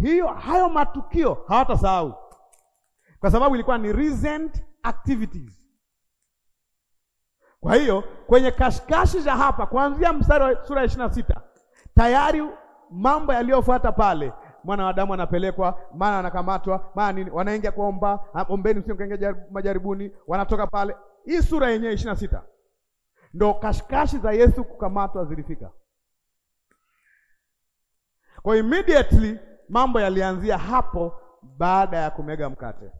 hiyo hayo matukio hawatasahau, kwa sababu ilikuwa ni recent activities. Kwa hiyo kwenye kashikashi za hapa, kuanzia mstari wa sura ya ishirini na sita tayari mambo yaliyofuata pale mwana wa Adamu anapelekwa, maana anakamatwa, maana nini, wanaingia kuomba, ombeni kaingia majaribuni, wanatoka pale. Hii sura yenyewe ishirini na sita ndo kashikashi za Yesu kukamatwa zilifika. Kwa immediately mambo yalianzia hapo baada ya kumega mkate.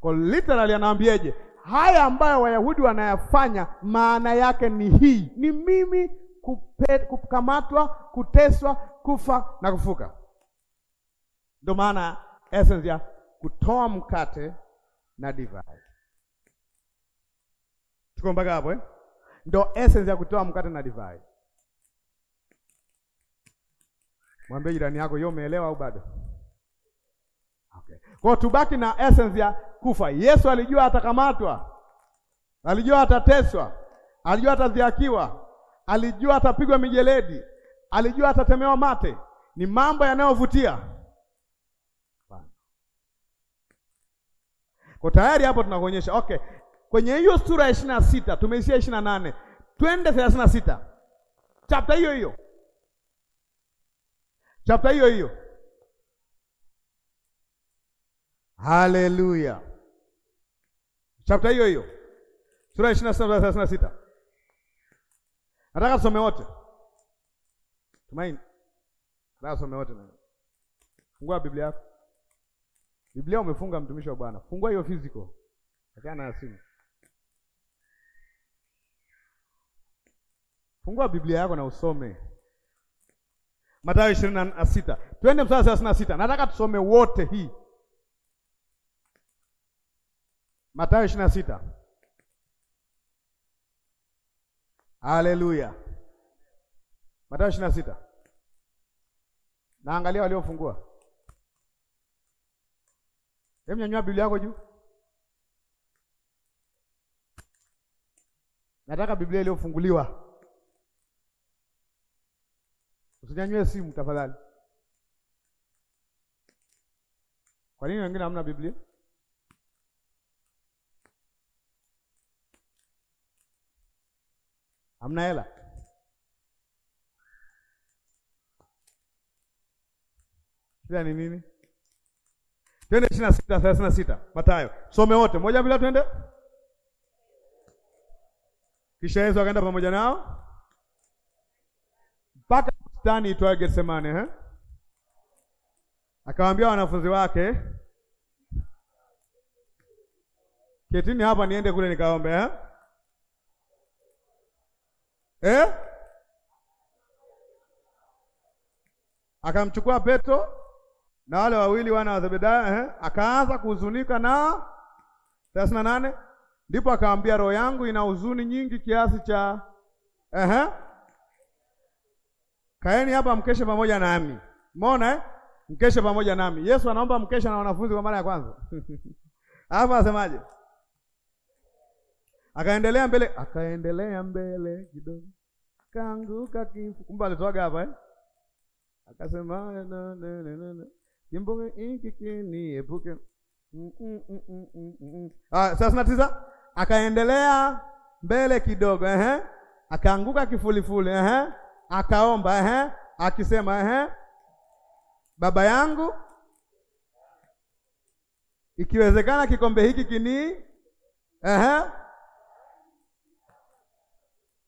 Kwa literally anawaambieje? Haya ambayo Wayahudi wanayafanya maana yake ni hii, ni mimi kukamatwa, kuteswa, kufa na kufuka. Ndio maana essence ya kutoa mkate na divai. Tuko mpaka hapo eh? Ndio essence ya kutoa mkate na divai. Mwambie jirani yako hiyo, umeelewa au bado? Okay. Kwa tubaki na essence ya kufa. Yesu alijua atakamatwa, alijua atateswa, alijua atadhiakiwa, alijua atapigwa mijeledi, alijua atatemewa mate. Ni mambo yanayovutia kwa tayari hapo tunakuonyesha. Okay, kwenye hiyo sura ya ishirini na sita tumeishia ishirini na nane twende thelathini na sita chapta hiyo hiyo chapta hiyo hiyo. Haleluya, chapta hiyo hiyo, sura ya ishirini na saba thelathini na sita. Nataka tusome wote, tumaini. Nataka tusome wote. Fungua Biblia yako. Biblia umefunga, mtumishi wa Bwana, fungua hiyo physical, achana na simu. Fungua Biblia yako na usome Mathayo ishirini na sita. Twende mstari thelathini na sita. Nataka tusome wote hii. Mathayo ishirini na sita. Haleluya. Mathayo ishirini na sita. Naangalia waliofungua. Hebu nyanyua Biblia yako juu. Nataka Biblia iliyofunguliwa. Usinyanywe simu tafadhali. Kwa nini wengine hamna Biblia? Hamna hela? Shida ni nini? Twende ishirini na sita thelathini na sita Mathayo, some wote moja bila, twende. Kisha Yesu akaenda pamoja nao mpaka bustani itwayo Getsemane eh? Akawaambia wanafunzi wake, ketini hapa niende kule nikaombe eh? Eh? Akamchukua Petro na wale wawili wana wa Zebedayo eh? Akaanza kuhuzunika na thelathini na nane ndipo akaambia, roho yangu ina huzuni nyingi kiasi cha eh? kaeni hapa mkeshe pamoja nami. Umeona eh? Mkeshe pamoja nami. Yesu anaomba mkesha na wanafunzi kwa mara ya kwanza hapa asemaje? Akaendelea mbele, akaendelea mbele kidogo, kaanguka kifu. Kumbe alitoaga hapa eh? Akasema na na na na Kimbonge hiki kini epuke. Mm mm, mm -mm -mm -mm -mm. Ah, sasa natiza akaendelea mbele kidogo, ehe, akaanguka kifulifuli, ehe akaomba ehe, akisema ehe, baba yangu, ikiwezekana kikombe hiki kinii ehe,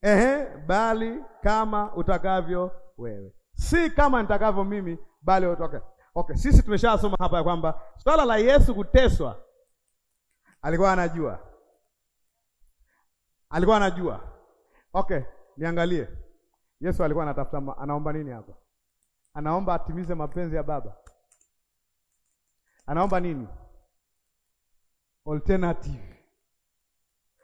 ehe, bali kama utakavyo wewe, si kama nitakavyo mimi, bali utoke. Okay, sisi tumeshasoma hapa ya kwamba swala la Yesu kuteswa alikuwa anajua, alikuwa anajua. Okay, niangalie Yesu alikuwa anatafuta, anaomba nini hapa? Anaomba atimize mapenzi ya Baba. Anaomba nini? Alternative.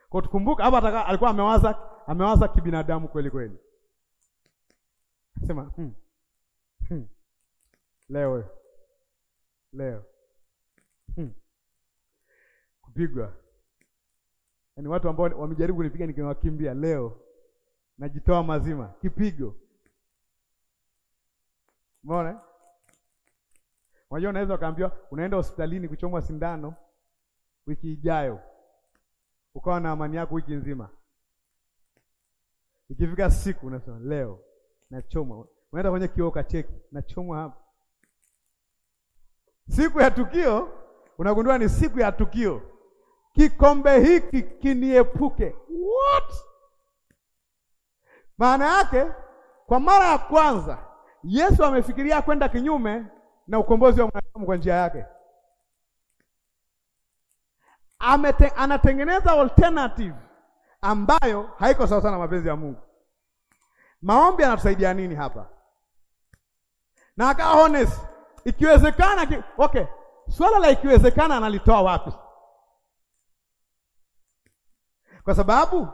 Kwa tukumbuka hapa alikuwa amewaza, amewaza kibinadamu kweli kweli. Sema, hmm. Hmm. Leo leo hmm. Kupigwa, yaani watu ambao wamejaribu kunipiga nikiwakimbia leo najitoa mazima, kipigo. Umeona? Unajua, unaweza ukaambiwa unaenda hospitalini kuchomwa sindano wiki ijayo, ukawa na amani yako wiki nzima. Ikifika siku unasema leo nachomwa, unaenda kwenye kioo kacheki, nachomwa hapa. Siku ya tukio unagundua ni siku ya tukio, kikombe hiki kiniepuke. What? Maana yake kwa mara ya kwanza Yesu amefikiria kwenda kinyume na ukombozi wa mwanadamu kwa njia yake. Amete, anatengeneza alternative ambayo haiko sawa sana mapenzi ya Mungu. Maombi yanatusaidia nini hapa? Na aka honest, ikiwezekana ki, okay, swala la ikiwezekana analitoa wapi? Kwa sababu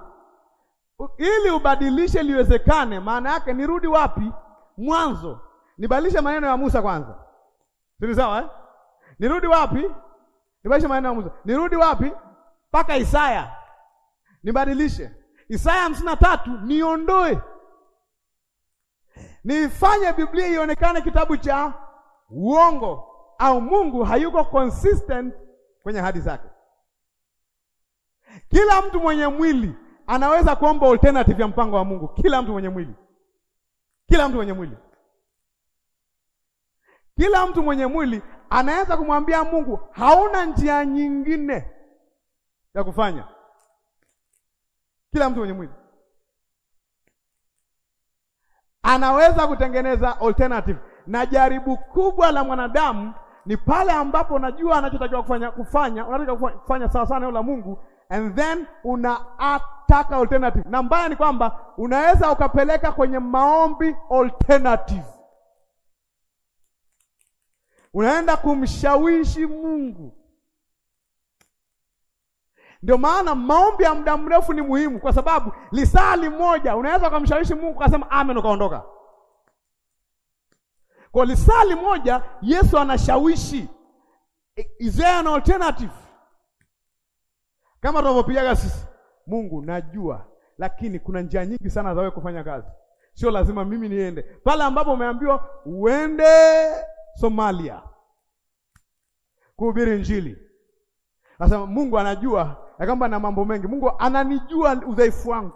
ili ubadilishe liwezekane. Maana yake nirudi wapi? Mwanzo. Nibadilishe maneno ya Musa kwanza, sini sawa eh? Nirudi wapi? Nibadilishe maneno ya Musa. Nirudi wapi? Mpaka Isaya nibadilishe. Isaya hamsini na tatu niondoe, niifanye Biblia ionekane kitabu cha uongo, au Mungu hayuko consistent kwenye hadi zake. Kila mtu mwenye mwili anaweza kuomba alternative ya mpango wa Mungu. Kila mtu mwenye mwili, kila mtu mwenye mwili, kila mtu mwenye mwili anaweza kumwambia Mungu, hauna njia nyingine ya kufanya. Kila mtu mwenye mwili anaweza kutengeneza alternative, na jaribu kubwa la mwanadamu ni pale ambapo unajua anachotakiwa kufanya, kufanya unatakiwa kufanya sawa sana la Mungu and then una ataka alternative. Na mbaya ni kwamba unaweza ukapeleka kwenye maombi alternative, unaenda kumshawishi Mungu. Ndio maana maombi ya muda mrefu ni muhimu, kwa sababu lisali moja unaweza ukamshawishi Mungu kasema amen, ukaondoka. Kwa lisali moja Yesu anashawishi, is there an alternative? kama tunavyopigaga sisi. Mungu najua, lakini kuna njia nyingi sana za wewe kufanya kazi, sio lazima mimi niende pale ambapo umeambiwa uende Somalia kuhubiri Injili. Sasa Mungu anajua ya kwamba na mambo mengi, Mungu ananijua udhaifu wangu.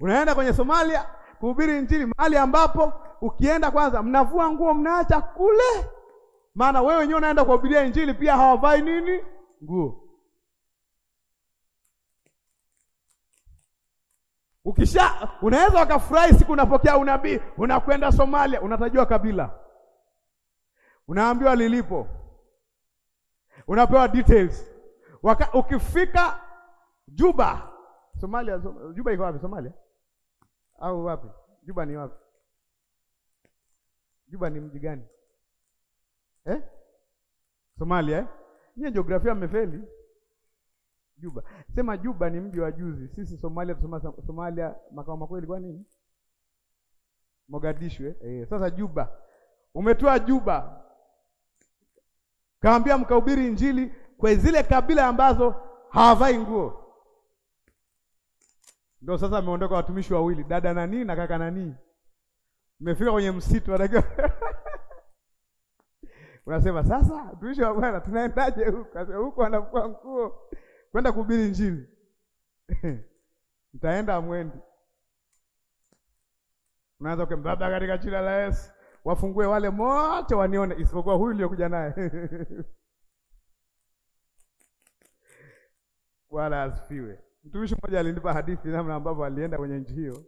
Unaenda kwenye Somalia kuhubiri Injili mahali ambapo ukienda kwanza mnavua nguo mnaacha kule, maana wewe wenyewe unaenda kuhubiria Injili, pia hawavai nini nguo. Ukisha unaweza ukafurahi siku unapokea unabii, unakwenda Somalia, unatajua kabila, unaambiwa lilipo, unapewa details Waka, ukifika Juba Somalia, Juba iko wapi? Somalia au wapi? Juba ni wapi? Juba ni mji gani eh? Somalia eh? Nyie jiografia mmefeli. Juba. Sema Juba ni mji wa juzi. Sisi Somalia tusoma Somalia makao makuu ilikuwa nini? Mogadishu eh? Eh, sasa Juba. Umetoa Juba. Kaambia mkahubiri Injili kwa zile kabila ambazo hawavai nguo. Ndio sasa ameondoka watumishi wawili, dada nani na kaka nani. Mmefika kwenye msitu anakiwa Unasema sasa mtumishi wa Bwana tunaendaje huko? Sasa huko anafua nguo kwenda kuhubiri Injili. Mtaenda mwendi. Unaanza kwa baba katika jina la Yesu, wafungue wale wote wanione isipokuwa huyu niliyokuja naye. Bwana asifiwe. Mtumishi mmoja alinipa hadithi namna ambavyo alienda kwenye nchi hiyo.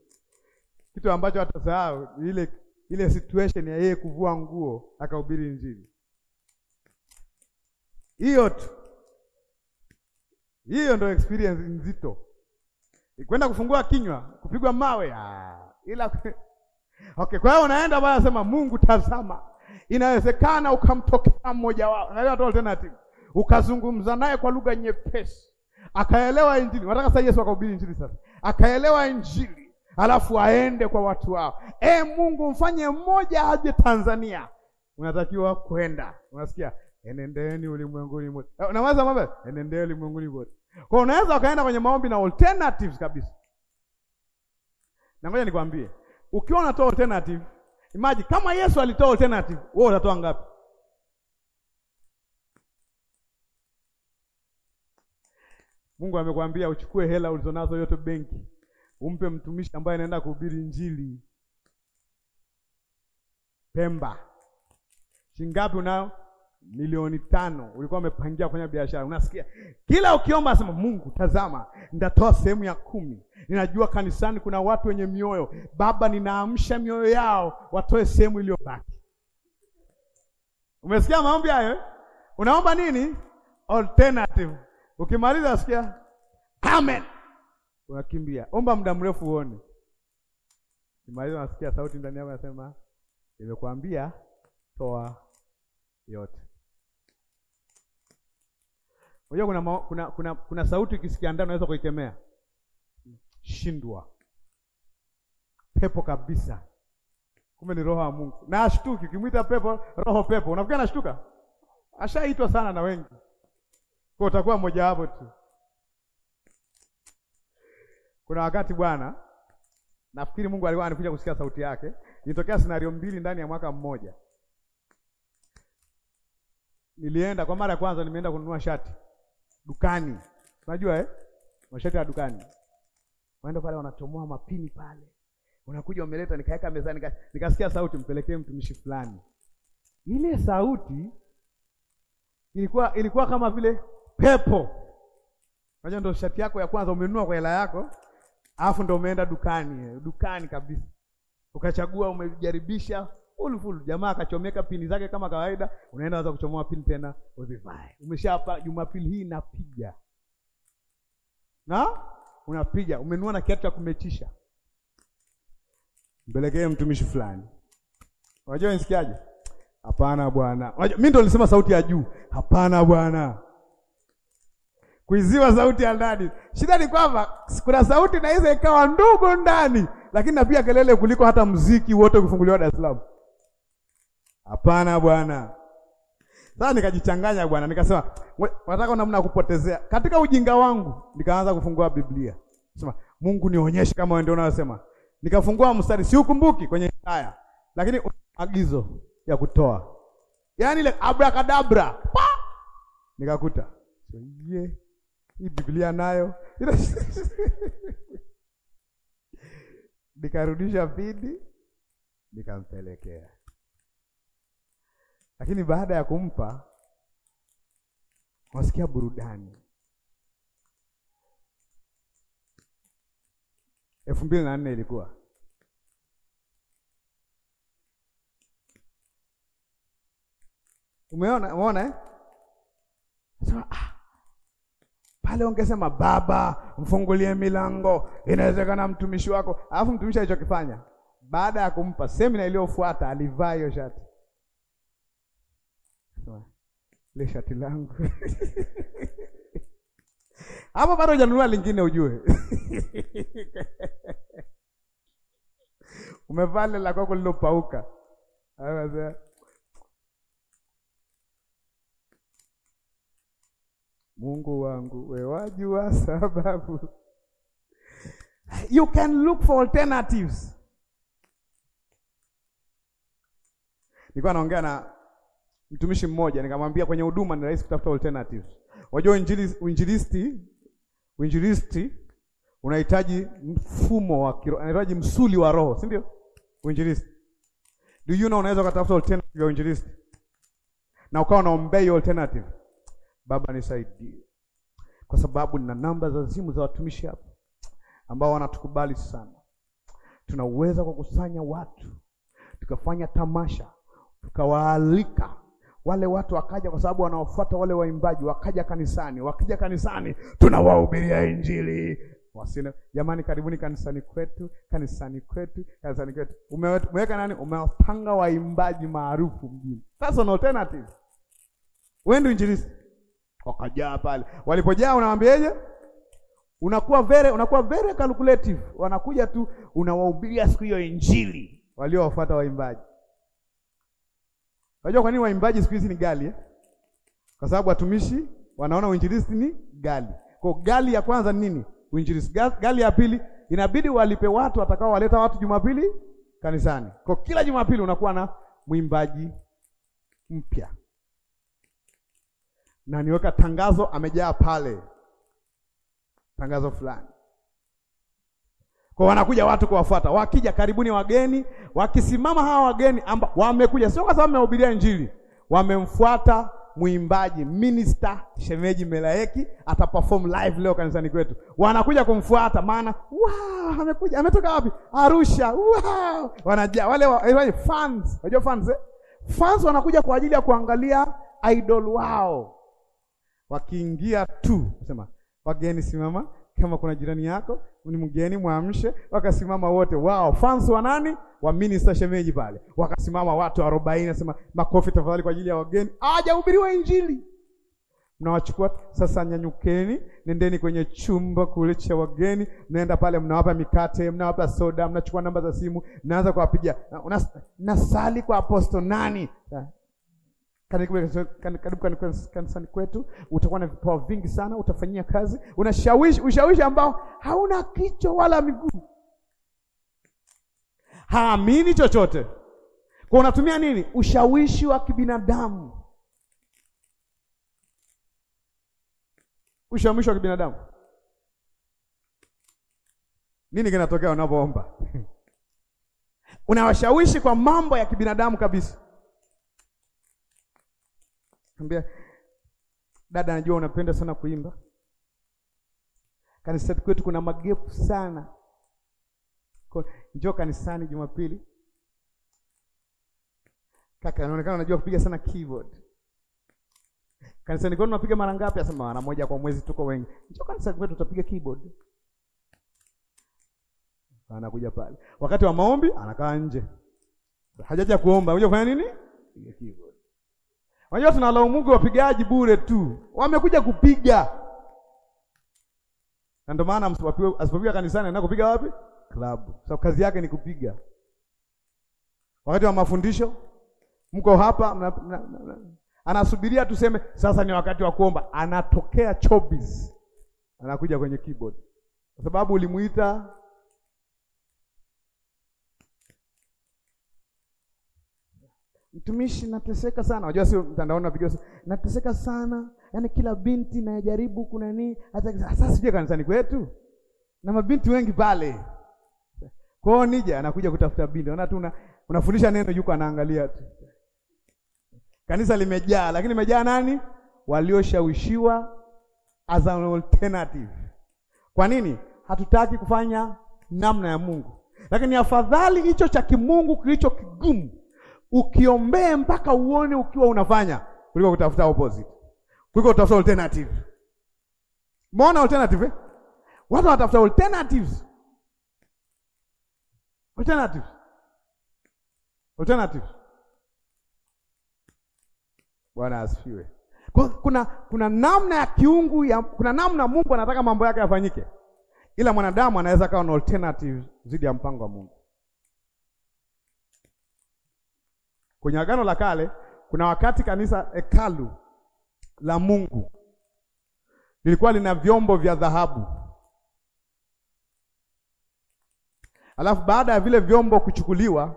Kitu ambacho atasahau ile ile situation ya yeye kuvua nguo akahubiri Injili hiyo tu. Hiyo ndio experience nzito, kwenda kufungua kinywa, kupigwa mawe ah, ila okay. Kwa hiyo unaenda baya, sema Mungu, tazama, inawezekana ukamtokea mmoja wao, naelewa tu alternative, ukazungumza naye kwa lugha nyepesi, akaelewa Injili. Nataka sasa Yesu akahubiri Injili, sasa akaelewa Injili, alafu aende kwa watu wao. E Mungu, mfanye mmoja aje Tanzania, unatakiwa kwenda, unasikia enendeni ulimwenguni mote. Eh, Unawaza mambo enendeni ulimwenguni mote. Kwa unaweza ukaenda kwenye maombi na alternatives kabisa. Na ngoja nikwambie, ukiwa unatoa alternative, imagine kama Yesu alitoa alternative, wewe utatoa ngapi? Mungu amekwambia uchukue hela ulizonazo yote benki, umpe mtumishi ambaye anaenda kuhubiri Injili Pemba. Shingapi unao? milioni tano ulikuwa umepangia kufanya biashara, unasikia kila ukiomba, sema, Mungu, tazama, nitatoa sehemu ya kumi. Ninajua kanisani kuna watu wenye mioyo, Baba, ninaamsha mioyo yao watoe sehemu iliyobaki. Umesikia maombi hayo? Unaomba nini? Alternative. Ukimaliza sikia amen, unakimbia. Omba muda mrefu uone. Ukimaliza unasikia sauti ndani yako inasema, nimekuambia toa yote. Unajua kuna, kuna kuna kuna sauti ukisikia ndani unaweza kuikemea. Shindwa. Pepo kabisa. Kumbe ni roho ya Mungu. Na ashtuki ukimwita pepo, roho pepo. Unafikia anashtuka? Ashaitwa sana na wengi. Kwa utakuwa mmoja wapo tu. Kuna wakati bwana, nafikiri Mungu alikuwa anakuja kusikia sauti yake. Nitokea scenario mbili ndani ya mwaka mmoja. Nilienda kwa mara ya kwanza, nimeenda kununua shati dukani, unajua eh? mashati ya dukani, waenda pale wanachomoa mapini pale, unakuja umeleta, nikaweka mezani, nikasikia sauti, mpelekee mtumishi fulani. Ile sauti ilikuwa ilikuwa kama vile pepo. Unajua, ndo shati yako ya kwanza umenunua kwa hela yako, alafu ndo umeenda dukani, dukani kabisa, ukachagua, umejaribisha full full. Jamaa akachomeka pini zake kama kawaida, unaenda waza kuchomoa pini tena uzivae. Umeshapa Jumapili hii napiga na unapiga, umenua na kiatu cha kumechisha, mpelekee mtumishi fulani. Unajua nisikiaje? Hapana bwana, mimi ndo nilisema sauti ya juu. Hapana bwana, kuiziwa sauti ya ndani. Shida ni kwamba kuna sauti naweza ikawa ndugu ndani, lakini napiga kelele kuliko hata mziki wote ukifunguliwa Dar es Salaam. Hapana bwana. Sasa nikajichanganya bwana, nikasema nataka namna kupotezea. Katika ujinga wangu nikaanza kufungua Biblia. Sema, Mungu nionyeshe kama wewe ndio unasema. Nikafungua mstari siukumbuki kwenye Isaya, lakini agizo ya kutoa. Yaani ile abrakadabra. Pa! Nikakuta. So, yeah. Hii Biblia nayo. Nikarudisha vidi nikampelekea lakini baada ya kumpa wasikia burudani. elfu mbili na nne ilikuwa umeona, umeona eh? So, ah, pale ungesema baba, mfungulie milango, inawezekana mtumishi wako. Alafu mtumishi alichokifanya baada ya kumpa semina iliyofuata alivaa hiyo shati Sema, le shati langu hapo bado hujanunua lingine, ujue umevaa lile la kwako lilopauka. Mungu wangu, we wajua sababu. You can look for alternatives. Nilikuwa naongea na mtumishi mmoja nikamwambia, kwenye huduma ni rahisi kutafuta alternatives. Wajua uinjilisti, uinjilisti unahitaji mfumo wa kiroho, unahitaji msuli wa roho, si ndio? Uinjilisti do you know, unaweza kutafuta alternative ya uinjilisti na ukawa unaombea hiyo alternative, Baba nisaidie, kwa sababu nina namba za simu za watumishi hapa ambao wanatukubali sana. Tunaweza kukusanya watu tukafanya tamasha tukawaalika wale watu wakaja kwa sababu wanaofuata wale waimbaji, wakaja kanisani. Wakija kanisani, tunawahubiria Injili. Wasile, jamani, karibuni kanisani kwetu, kanisani kwetu, kanisani kwetu. Umeweka nani? Umewapanga waimbaji maarufu mjini. That's an alternative. Wendi injilisti. Wakajaa pale. Walipojaa unawaambiaje? Unakuwa very, unakuwa very calculative. Wanakuja tu unawahubiria siku hiyo Injili waliowafuata waimbaji. Unajua kwa nini waimbaji siku hizi ni gali eh? Kwa sababu watumishi wanaona uinjilisti ni gali. Kwa gali ya kwanza ni nini? Uinjilisti. Gali ya pili inabidi walipe watu watakao waleta watu Jumapili kanisani. Kwa kila Jumapili unakuwa na mwimbaji mpya. Na niweka tangazo amejaa pale. Tangazo fulani. Kwa wanakuja watu kuwafuata, wakija karibuni wageni, wakisimama hawa wageni ambao wamekuja sio kwa sababu wamehubiria Injili, wamemfuata mwimbaji minister shemeji Melaeki ataperform live leo kanisani kwetu, wanakuja kumfuata. Maana wow, amekuja ametoka wapi? Arusha. Wow, wanaja wale wa, eh, fans unajua fans eh? Fans wanakuja kwa ajili ya kuangalia idol wao, wakiingia tu sema wageni, simama kama kuna jirani yako ni mgeni, mwamshe. Wakasimama wote wao, fans wa nani? Wa minister shemeji pale, wakasimama watu arobaini. Nasema makofi tafadhali kwa ajili ya wageni, hajahubiriwa Injili. Mnawachukua sasa, nyanyukeni, nendeni kwenye chumba kule cha wageni. Mnaenda pale, mnawapa mikate, mnawapa soda, mnachukua namba za simu, naanza kuwapigia. Nasali kwa aposto nani? karibu kanisani kwetu, utakuwa na vipawa vingi sana, utafanyia kazi, unashawishi ushawishi ambao hauna kichwa wala miguu, haamini chochote. Kwa unatumia nini? Ushawishi wa kibinadamu, ushawishi wa kibinadamu. Nini kinatokea unapoomba? Unawashawishi kwa mambo ya kibinadamu kabisa. Kambia, dada, anajua unapenda sana kuimba. Kanisa kwetu kuna magepu sana. Kwa njoo kanisani Jumapili. Kaka anaonekana anajua kupiga sana keyboard. Kanisani kwetu tunapiga mara ngapi? Asema mara moja kwa mwezi, tuko wengi. Njoo kanisa kwetu tutapiga keyboard. Anakuja pale. Wakati wa maombi anakaa nje. Hajaja kuomba. Unajua kufanya nini? Piga keyboard. Unajua tunalaumu wapigaji bure tu, wamekuja kupiga. Na ndio maana asipopiga kanisani anaenda kupiga wapi? Klabu, sababu kazi yake ni kupiga. Wakati wa mafundisho mko hapa mna, mna, mna, anasubiria tuseme sasa ni wakati wa kuomba, anatokea Chobis anakuja kwenye keyboard kwa sababu ulimuita Mtumishi, nateseka sana. Unajua sio mtandaoni na video, Nateseka sana. Yaani kila binti najaribu kuna nini? Hata sasa sije kanisani kwetu. Na mabinti wengi pale. Kwa hiyo nija anakuja kutafuta binti. Unaona tu unafundisha neno yuko anaangalia tu. Kanisa limejaa lakini limejaa nani? Walioshawishiwa as an alternative. Kwa nini? Hatutaki kufanya namna ya Mungu. Lakini afadhali hicho cha kimungu kilicho kigumu ukiombee mpaka uone ukiwa unafanya, kuliko kutafuta opposite, kuliko kutafuta alternative. Mbona alternative eh? Watu wanatafuta alternatives, alternatives, alternatives. Bwana asifiwe. Kuna, kuna namna ya kiungu ya, kuna namna Mungu anataka mambo yake yafanyike, ila mwanadamu anaweza kawa na alternatives zidi ya mpango wa Mungu. Kwenye Agano la Kale kuna wakati kanisa hekalu la Mungu lilikuwa lina vyombo vya dhahabu, alafu baada ya vile vyombo kuchukuliwa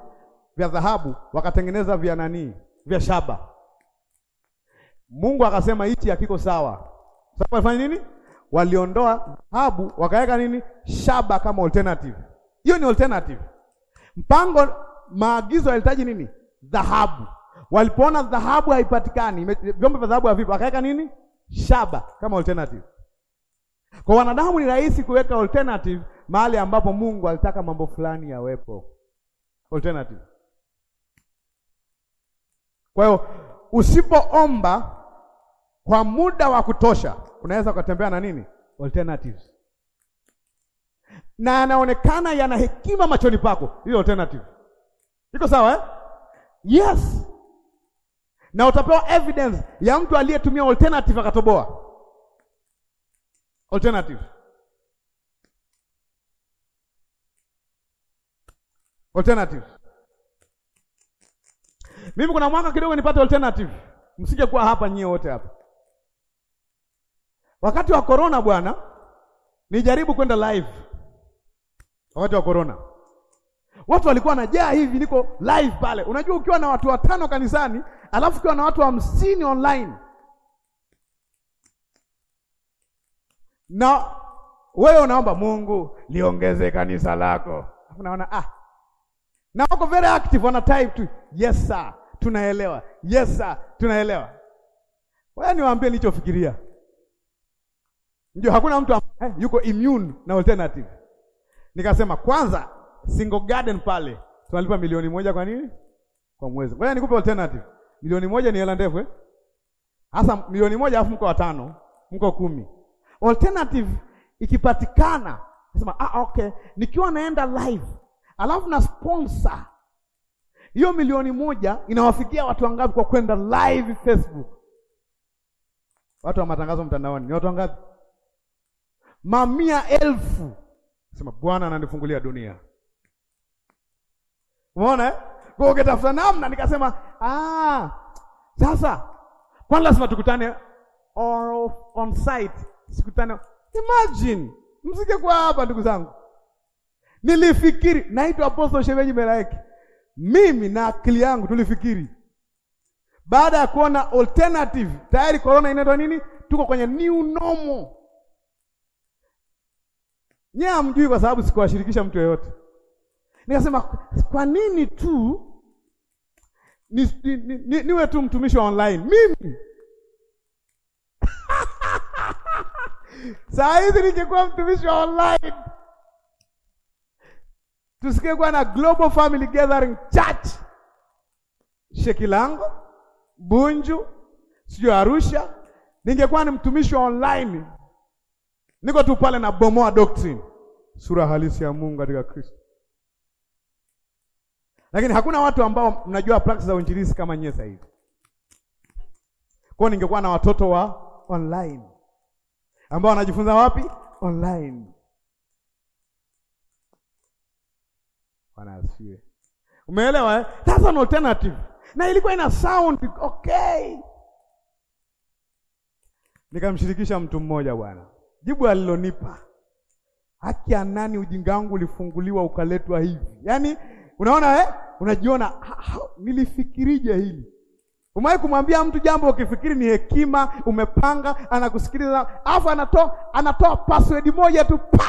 vya dhahabu, wakatengeneza vya nani, vya shaba. Mungu akasema hichi hakiko sawa. Sasa walifanya nini? Waliondoa dhahabu wakaweka nini, shaba kama alternative. Hiyo ni alternative. Mpango, maagizo yalihitaji nini? dhahabu. Walipoona dhahabu haipatikani, vyombo vya dhahabu havipo, akaweka nini? Shaba kama alternative. Kwa wanadamu ni rahisi kuweka alternative mahali ambapo Mungu alitaka mambo fulani yawepo. Alternative. Kwa hiyo usipoomba kwa muda wa kutosha, unaweza ukatembea na nini? Alternatives. Na yanaonekana yana hekima machoni pako, hiyo alternative. Iko sawa eh? Yes, na utapewa evidence ya mtu aliyetumia alternative akatoboa. Alternative, alternative. Mimi kuna mwaka kidogo nipate alternative, msije kuwa hapa nyie wote hapa. Wakati wa corona bwana, nijaribu kwenda live wakati wa corona Watu walikuwa wanajaa hivi, niko live pale. Unajua, ukiwa na watu watano kanisani alafu ukiwa na watu hamsini wa online na wewe unaomba Mungu liongeze kanisa lako, unaona ah, na wako very active, wana type tu yes sir, tunaelewa yes sir, tunaelewa. Wewe niwaambie nilichofikiria, ndio hakuna mtu eh, yuko immune na alternative. Nikasema kwanza Single Garden pale tunalipa milioni moja kwa nini? Kwa mwezi. Ngoja nikupe alternative. Milioni moja ni hela ndefu eh? Hasa milioni moja afu mko watano, mko kumi. Alternative ikipatikana, nasema ah, okay, nikiwa naenda live alafu na sponsor hiyo milioni moja inawafikia watu wangapi kwa kwenda live Facebook? Watu wa matangazo mtandaoni ni watu wangapi? Mamia elfu. Sema Bwana ananifungulia dunia. Umeona? Eh? Kwa hiyo ukitafuta namna, nikasema ah, sasa kwani lazima tukutane or on site, sikutane. Imagine msije kwa hapa, ndugu zangu, nilifikiri naitwa Apostle Shebeji Melaeki, mimi na akili yangu tulifikiri baada ya kuona alternative tayari, corona inaitwa nini? Tuko kwenye new normal. Nyie hamjui kwa sababu sikuwashirikisha mtu yoyote. Nikasema kwa nini tu ni, ni, ni, niwe tu mtumishi wa online mimi saa hizi ningekuwa mtumishi wa online tusikekuwa na Global Family Gathering Church Shekilango, Bunju, sijui Arusha, ningekuwa ni mtumishi wa online, niko tu pale na bomoa doctrine, sura halisi ya Mungu katika Kristo. Lakini hakuna watu ambao mnajua practice za uinjilisti kama nyie sasa hivi. Kwa ningekuwa na watoto wa online ambao wanajifunza wapi? Online. Wanasiwe. Umeelewa eh? That's an alternative. Na ilikuwa ina sound okay. Nikamshirikisha mtu mmoja bwana. Jibu alilonipa. Haki ya nani ujinga wangu ulifunguliwa ukaletwa hivi? Yaani Unaona eh? Unajiona nilifikirije hili? Umewahi kumwambia mtu jambo ukifikiri ni hekima, umepanga, anakusikiliza, afu anatoa anatoa password moja tu pa.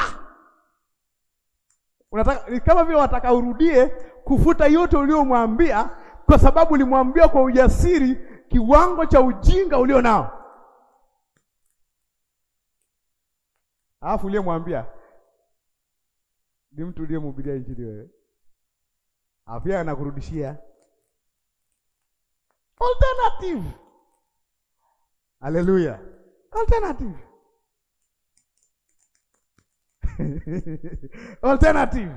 Unataka kama vile unataka urudie kufuta yote uliomwambia kwa sababu ulimwambia kwa ujasiri kiwango cha ujinga ulio nao. Alafu uliyemwambia ni mtu uliyemhubiria Injili wewe. Afya anakurudishia alternative. Haleluya, alternative alternative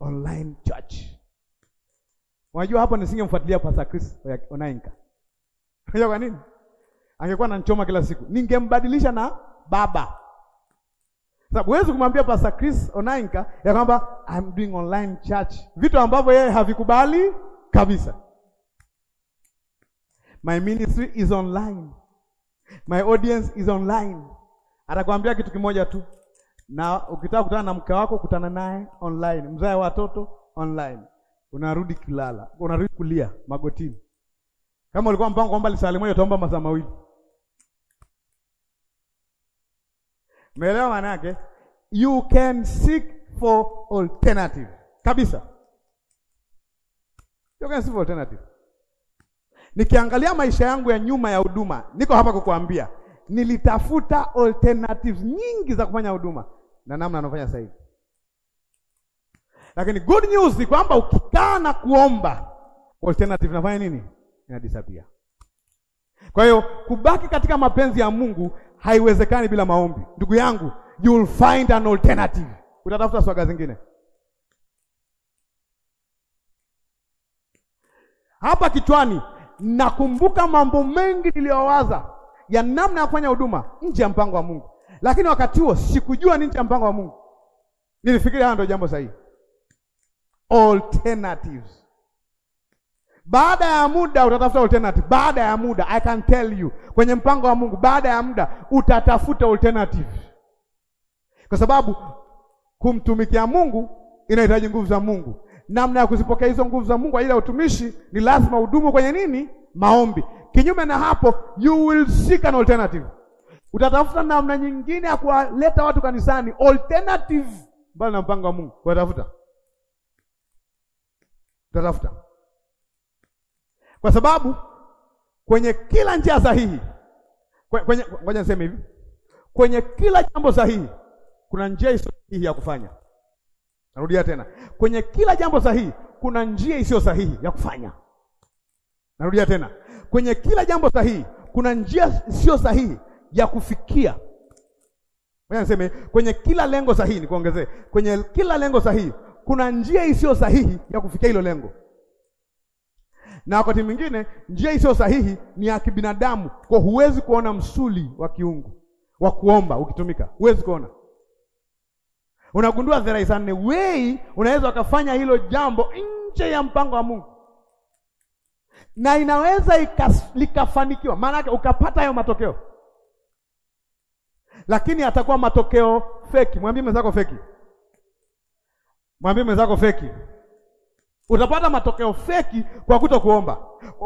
online church. Unajua hapo nisingemfuatilia Pastor Chris Onainka. Unajua kwa nini? Angekuwa ananichoma kila siku. Ningembadilisha na baba Sababu huwezi kumwambia Pastor Chris Onainka ya kwamba I'm doing online church, vitu ambavyo yeye havikubali kabisa. My ministry is online, my audience is online. Atakwambia kitu kimoja tu, na ukitaka kutana na mke wako kutana naye online, mzae watoto online, unarudi kilala, unarudi kulia magotini. Kama ulikuwa mpango kwamba lisali moja utaomba masaa mawili Umeelewa maana yake? You can seek for alternative kabisa. You can seek for alternative. Nikiangalia maisha yangu ya nyuma ya huduma, niko hapa kukuambia nilitafuta alternatives nyingi za kufanya huduma na namna anafanya sasa hivi, lakini good news ni kwamba ukikaa na kuomba, alternative nafanya nini? Inadisappear. Kwa hiyo kubaki katika mapenzi ya Mungu haiwezekani bila maombi. Ndugu yangu, you will find an alternative. Utatafuta swaga zingine. Hapa kichwani nakumbuka mambo mengi niliyowaza ya namna ya kufanya huduma nje ya mpango wa Mungu, lakini wakati huo sikujua ni nje ya mpango wa Mungu. Nilifikiri haya ndio jambo sahihi, alternatives baada ya muda utatafuta alternative. Baada ya muda, I can tell you, kwenye mpango wa Mungu, baada ya muda utatafuta alternative, kwa sababu kumtumikia Mungu inahitaji nguvu za Mungu. Namna ya kuzipokea hizo nguvu za Mungu ajili ya utumishi ni lazima udumu kwenye nini? Maombi. Kinyume na hapo, you will seek an alternative, utatafuta namna nyingine ya kuwaleta watu kanisani, alternative mbali na mpango wa Mungu. Utatafuta, utatafuta kwa sababu kwenye kila njia sahihi, kwenye ngoja niseme hivi, kwenye kila jambo sahihi kuna njia isiyo sahihi ya kufanya. Narudia tena, kwenye kila jambo sahihi kuna njia isiyo sahihi ya kufanya. Narudia tena, kwenye kila jambo sahihi kuna njia isiyo sahihi ya kufikia. Ngoja niseme, kwenye kila lengo sahihi, nikuongezee, kwenye kila lengo sahihi kuna njia isiyo sahihi ya kufikia hilo lengo na wakati mwingine njia isiyo sahihi ni ya kibinadamu, kwa huwezi kuona msuli wa kiungu wa kuomba ukitumika, huwezi kuona. Unagundua there is wei way unaweza ukafanya hilo jambo nje ya mpango wa Mungu, na inaweza likafanikiwa, maana yake ukapata hayo matokeo, lakini atakuwa matokeo feki. Mwambie mwenzako feki, mwambie mwenzako feki. Utapata matokeo feki kwa kuto kuomba.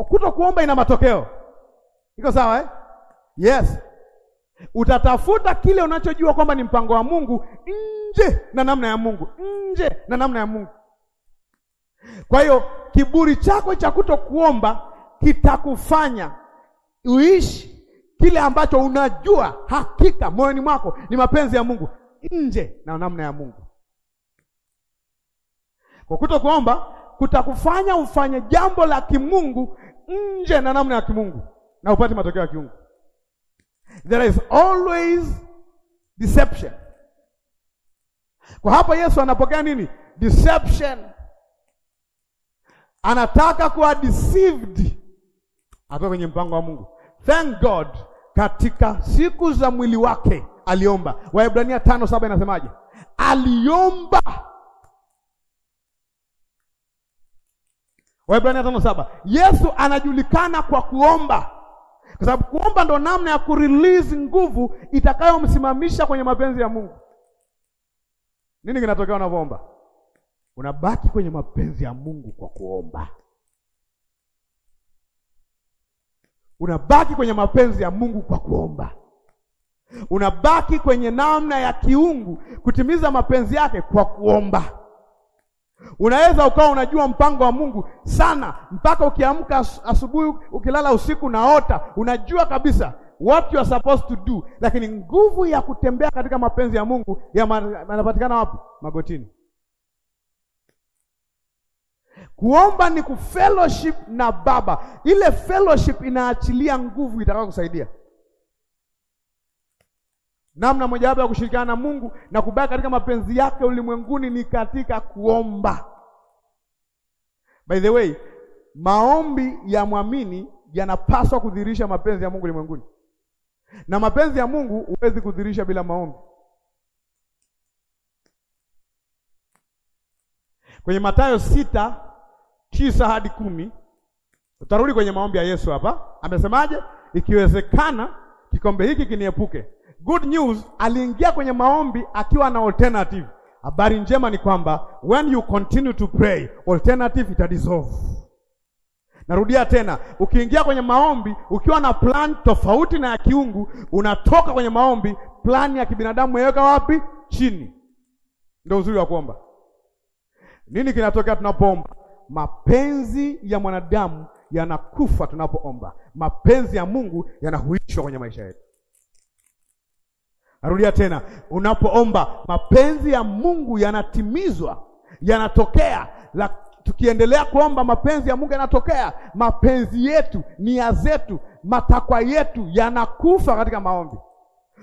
Kuto kuomba ina matokeo, iko sawa eh? Yes, utatafuta kile unachojua kwamba ni mpango wa Mungu nje na namna ya Mungu, nje na namna ya Mungu. Kwa hiyo kiburi chako cha kuto kuomba kitakufanya uishi kile ambacho unajua hakika moyoni mwako ni mapenzi ya Mungu, nje na namna ya Mungu. Kwa kuto kuomba kutakufanya ufanye jambo la kimungu nje na namna ya kimungu na upate matokeo ya kiungu There is always deception. Kwa hapa Yesu anapokea nini? Deception. Anataka kuwa deceived atoka kwenye mpango wa Mungu. Thank God, katika siku za mwili wake aliomba. Waebrania tano saba inasemaje? Aliomba Waebrania tano saba. Yesu anajulikana kwa kuomba, kwa sababu kuomba ndo namna ya kurelease nguvu itakayomsimamisha kwenye mapenzi ya Mungu. Nini kinatokea unapoomba? Unabaki kwenye mapenzi ya Mungu kwa kuomba, unabaki kwenye mapenzi ya Mungu kwa kuomba, unabaki kwenye namna ya kiungu kutimiza mapenzi yake kwa kuomba. Unaweza ukawa unajua mpango wa Mungu sana mpaka ukiamka asubuhi, ukilala usiku naota, unajua kabisa what you are supposed to do, lakini nguvu ya kutembea katika mapenzi ya Mungu yanapatikana wapi? Magotini. Kuomba ni kufellowship na Baba. Ile fellowship inaachilia nguvu itakayokusaidia kusaidia Namna mojawapo ya kushirikiana na Mungu na kubaki katika mapenzi yake ulimwenguni ni katika kuomba. By the way, maombi ya mwamini yanapaswa kudhihirisha mapenzi ya Mungu ulimwenguni, na mapenzi ya Mungu huwezi kudhihirisha bila maombi. Kwenye Mathayo sita tisa hadi kumi utarudi kwenye maombi ya Yesu hapa, amesemaje? Ikiwezekana kikombe hiki kiniepuke Good news, aliingia kwenye maombi akiwa na alternative. Habari njema ni kwamba when you continue to pray, alternative dissolve. Narudia tena, ukiingia kwenye maombi ukiwa na plan tofauti na ya kiungu, unatoka kwenye maombi, plani ya kibinadamu weweka wapi? Chini. Ndio uzuri wa kuomba. Nini kinatokea tunapoomba? Mapenzi ya mwanadamu yanakufa tunapoomba, mapenzi ya Mungu yanahuishwa kwenye maisha yetu. Narudia tena, unapoomba mapenzi ya Mungu yanatimizwa, yanatokea. La, tukiendelea kuomba mapenzi ya Mungu yanatokea. Mapenzi yetu, nia zetu, matakwa yetu yanakufa katika maombi.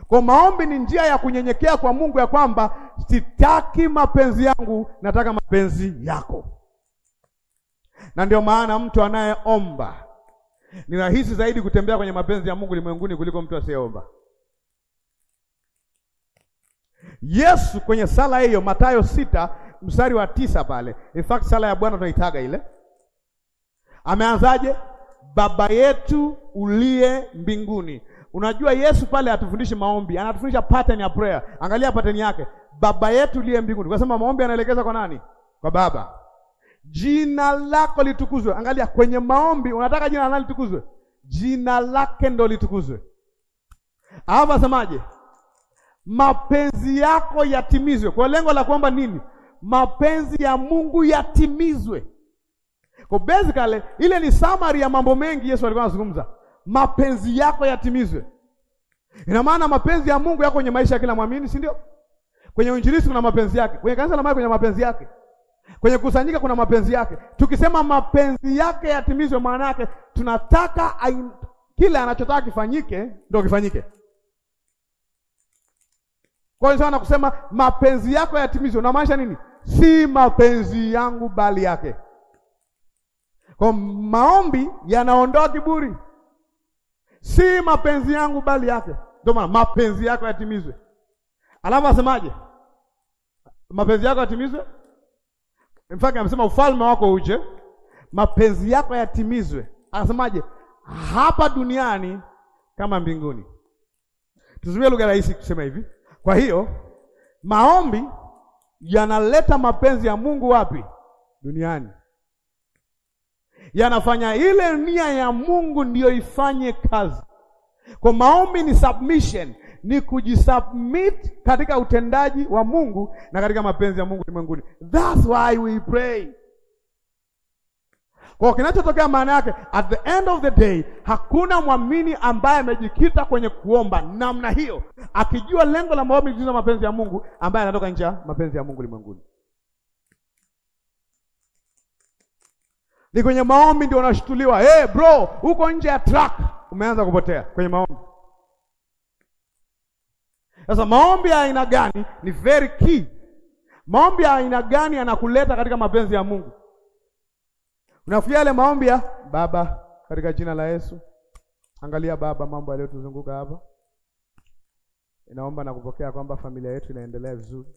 Kwa maombi ni njia ya kunyenyekea kwa Mungu ya kwamba sitaki mapenzi yangu, nataka mapenzi yako. Na ndio maana mtu anayeomba ni rahisi zaidi kutembea kwenye mapenzi ya Mungu ulimwenguni kuliko mtu asiyeomba. Yesu kwenye sala hiyo Mathayo sita mstari wa tisa pale, in fact sala ya Bwana tunaitaga ile, ameanzaje? Baba yetu uliye mbinguni. Unajua Yesu pale atufundishi maombi, anatufundisha pattern ya prayer. Angalia pattern yake, Baba yetu uliye mbinguni. Kwa maombi anaelekeza kwa nani? Kwa Baba. Jina lako litukuzwe. Angalia kwenye maombi, unataka jina la nani litukuzwe? Jina lake ndo litukuzwe. Hapa semaje? mapenzi yako yatimizwe, kwa lengo la kwamba nini? Mapenzi ya Mungu yatimizwe. Kwa basically ile ni summary ya mambo mengi Yesu alikuwa anazungumza, mapenzi yako yatimizwe. Ina maana mapenzi ya Mungu yako kwenye maisha ya kila mwamini, si ndio? Kwenye injilisti kuna mapenzi yake, kwenye kanisa la Mungu kuna mapenzi yake, kwenye kusanyika kuna mapenzi yake. Tukisema mapenzi yake yatimizwe, maana yake tunataka kile anachotaka kifanyike ndio kifanyike. Kwa hiyo sana kusema mapenzi yako yatimizwe, unamaanisha nini? Si mapenzi yangu bali yake. Kwa maombi yanaondoa kiburi, si mapenzi yangu bali yake. Ndio maana mapenzi yako yatimizwe. Alafu asemaje? Mapenzi yako yatimizwe. In fact amesema ufalme wako uje, mapenzi yako yatimizwe. Anasemaje? hapa duniani kama mbinguni. tuzumie lugha rahisi kusema hivi kwa hiyo maombi yanaleta mapenzi ya Mungu wapi? Duniani. Yanafanya ile nia ya Mungu ndiyo ifanye kazi. Kwa maombi ni submission, ni kujisubmit katika utendaji wa Mungu na katika mapenzi ya Mungu ulimwenguni. That's why we pray. Kwa hiyo kinachotokea maana yake at the end of the day, hakuna mwamini ambaye amejikita kwenye kuomba namna hiyo, akijua lengo la maombi ni mapenzi ya Mungu, ambaye anatoka nje ya mapenzi ya Mungu ulimwenguni. Ni kwenye maombi ndio unashtuliwa, hey bro, uko nje ya track, umeanza kupotea kwenye maombi. Sasa maombi ya aina gani ni very key. Maombi ya aina gani yanakuleta katika mapenzi ya Mungu? Unafikia yale maombi ya Baba, katika jina la Yesu, angalia Baba mambo yaliyotuzunguka hapa, inaomba na kupokea kwamba familia yetu inaendelea vizuri.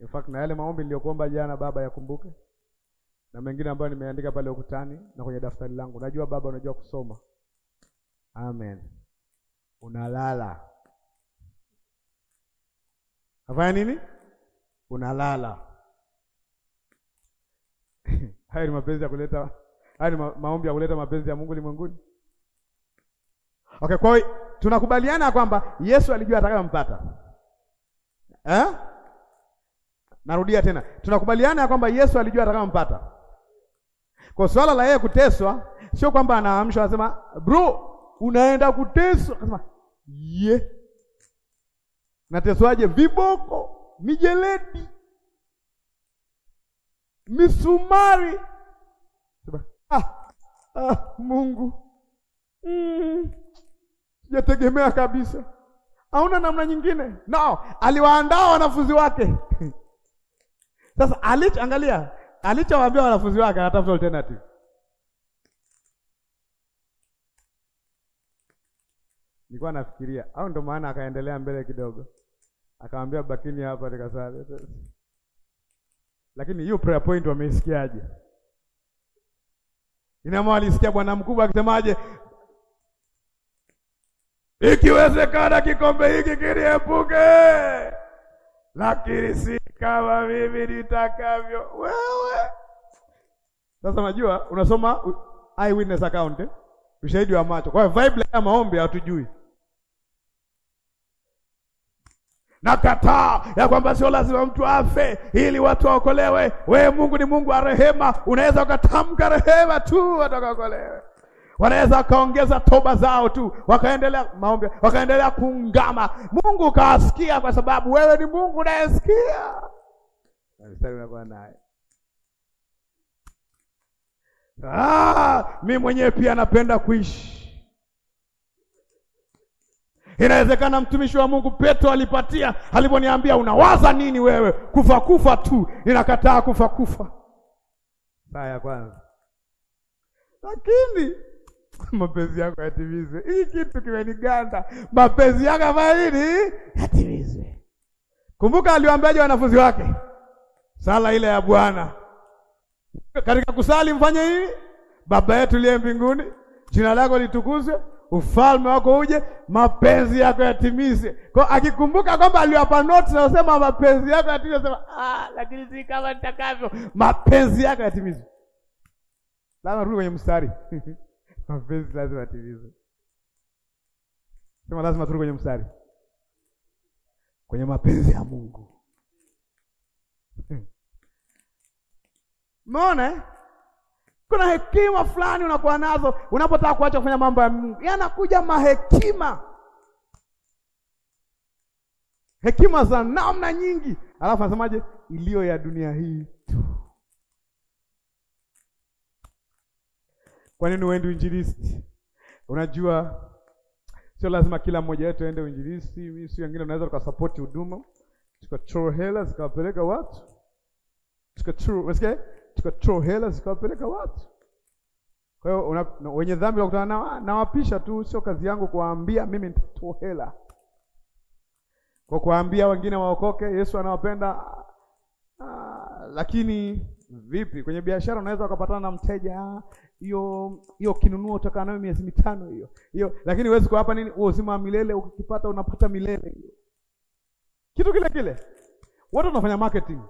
In fact na yale maombi niliyokuomba jana Baba yakumbuke, na mengine ambayo nimeandika pale ukutani na kwenye daftari langu. Najua Baba unajua kusoma. Amen. Unalala afanya nini? Unalala Hayo ni mapenzi ya kuleta, hayo ni maombi ya kuleta mapenzi ya Mungu limwenguni Okay, kwa hiyo tunakubaliana kwamba Yesu alijua atakayompata eh? Narudia tena, tunakubaliana ya kwamba Yesu alijua atakayompata. Kwa swala la yeye kuteswa, sio kwamba anaamshwa anasema bro, unaenda kuteswa. Anasema ye nateswaje? Viboko, mijeledi misumari. Ah, ah, Mungu mm, kabisa. Hauna namna nyingine. No, aliwaandaa wanafunzi wake Sasa alich, angalia alichowaambia wanafunzi wake, anatafuta alternative. Nilikuwa nafikiria au, ndo maana akaendelea mbele kidogo, akamwambia bakini hapa, nikasali lakini hiyo prayer point wameisikiaje? Inamaa alisikia bwana mkubwa akisemaje? Ikiwezekana kikombe hiki kiliepuke lakini si kama mimi nitakavyo wewe. Sasa unajua unasoma eyewitness account eh? Ushahidi wa macho. Kwa hiyo vibe ya maombi hatujui. Nakataa ya kwamba sio lazima mtu afe ili watu waokolewe. Wewe Mungu ni Mungu wa rehema, unaweza ukatamka rehema tu wakaokolewe Wanaweza wakaongeza toba zao tu, wakaendelea maombi, wakaendelea kuungama, Mungu ukawasikia, kwa sababu wewe ni Mungu unayesikia. Mstari unakuwa naye ah, mi mwenyewe pia napenda kuishi Inawezekana mtumishi wa Mungu Petro alipatia aliponiambia, unawaza nini wewe? Kufa kufa tu. Ninakataa kufa kufa. Saa ya kwanza, lakini mapenzi yako yatimizwe. Hii kitu kimeniganda, mapenzi yako afanya nini? Yatimizwe. Kumbuka aliwaambiaje wanafunzi wake sala ile ya Bwana katika kusali, mfanye hivi: Baba yetu liye mbinguni, jina lako litukuzwe ufalme wako uje, mapenzi yako yatimize. Kwa akikumbuka kwamba aliwapa notes kusema mapenzi yako yatimize, sema ah, lakini si kama nitakavyo, mapenzi yako yatimize. Lazima rudi kwenye mstari mapenzi lazima yatimize sema lazima turudi kwenye mstari, kwenye mapenzi ya Mungu. Umeona? Eh? Kuna hekima fulani unakuwa nazo unapotaka kuacha kufanya mambo ya Mungu, yanakuja mahekima, hekima za namna nyingi, alafu anasemaje? Iliyo ya dunia hii tu. Kwa nini uende uinjilisti? Unajua sio lazima kila mmoja wetu aende uinjilisti. Mimi si wengine, unaweza tukasapoti huduma, tukachoro hela, zikawapeleka watu, tukachoro, unasikia tukatoa hela zikawapeleka watu. Kwa hiyo wenye dhambi wakutana na nawapisha tu, sio kazi yangu kuwaambia mimi nitatoa hela. Kwa kuwaambia wengine waokoke, Yesu anawapenda. Ah, lakini vipi? Kwenye biashara unaweza ukapatana na mteja, ah, hiyo hiyo kinunuo utakaa nayo miezi mitano hiyo hiyo, lakini huwezi kuwapa nini huo uzima wa milele. Ukikipata unapata milele, hiyo kitu kile kile. Watu wanafanya marketing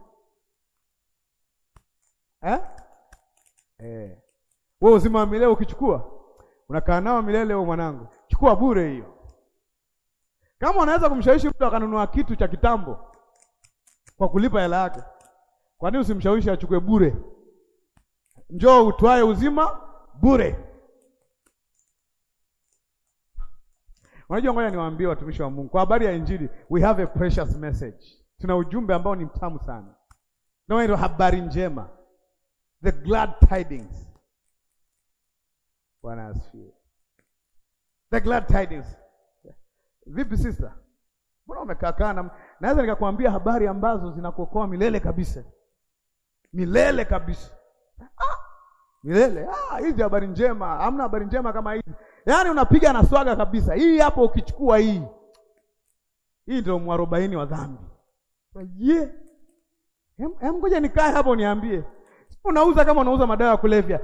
eh? Eh. Wewe uzima wa milele ukichukua unakaa nao milele, wewe mwanangu, chukua bure hiyo. Kama unaweza kumshawishi mtu akanunua kitu cha kitambo kwa kulipa hela yake, kwa nini usimshawishi achukue bure? Njoo utwae uzima bure. Unajua, ngoja niwaambie watumishi wa Mungu, kwa habari ya Injili, we have a precious message. Tuna ujumbe ambao ni mtamu sana, ndio habari njema the glad tidings. Bwana asifiwe. The glad tidings. Vipi sister? Mbona umekaa naweza nikakwambia habari ambazo zinakuokoa milele kabisa. Milele kabisa. Ah, milele. Ah, hizi habari njema. Hamna habari njema kama hizi. Yaani unapiga na swaga kabisa. Hii hapo ukichukua hii. Hii ndio mwarobaini wa dhambi. Ye. Yeah. Hem ngoja nikae hapo niambie. Unauza kama unauza madawa ya kulevya.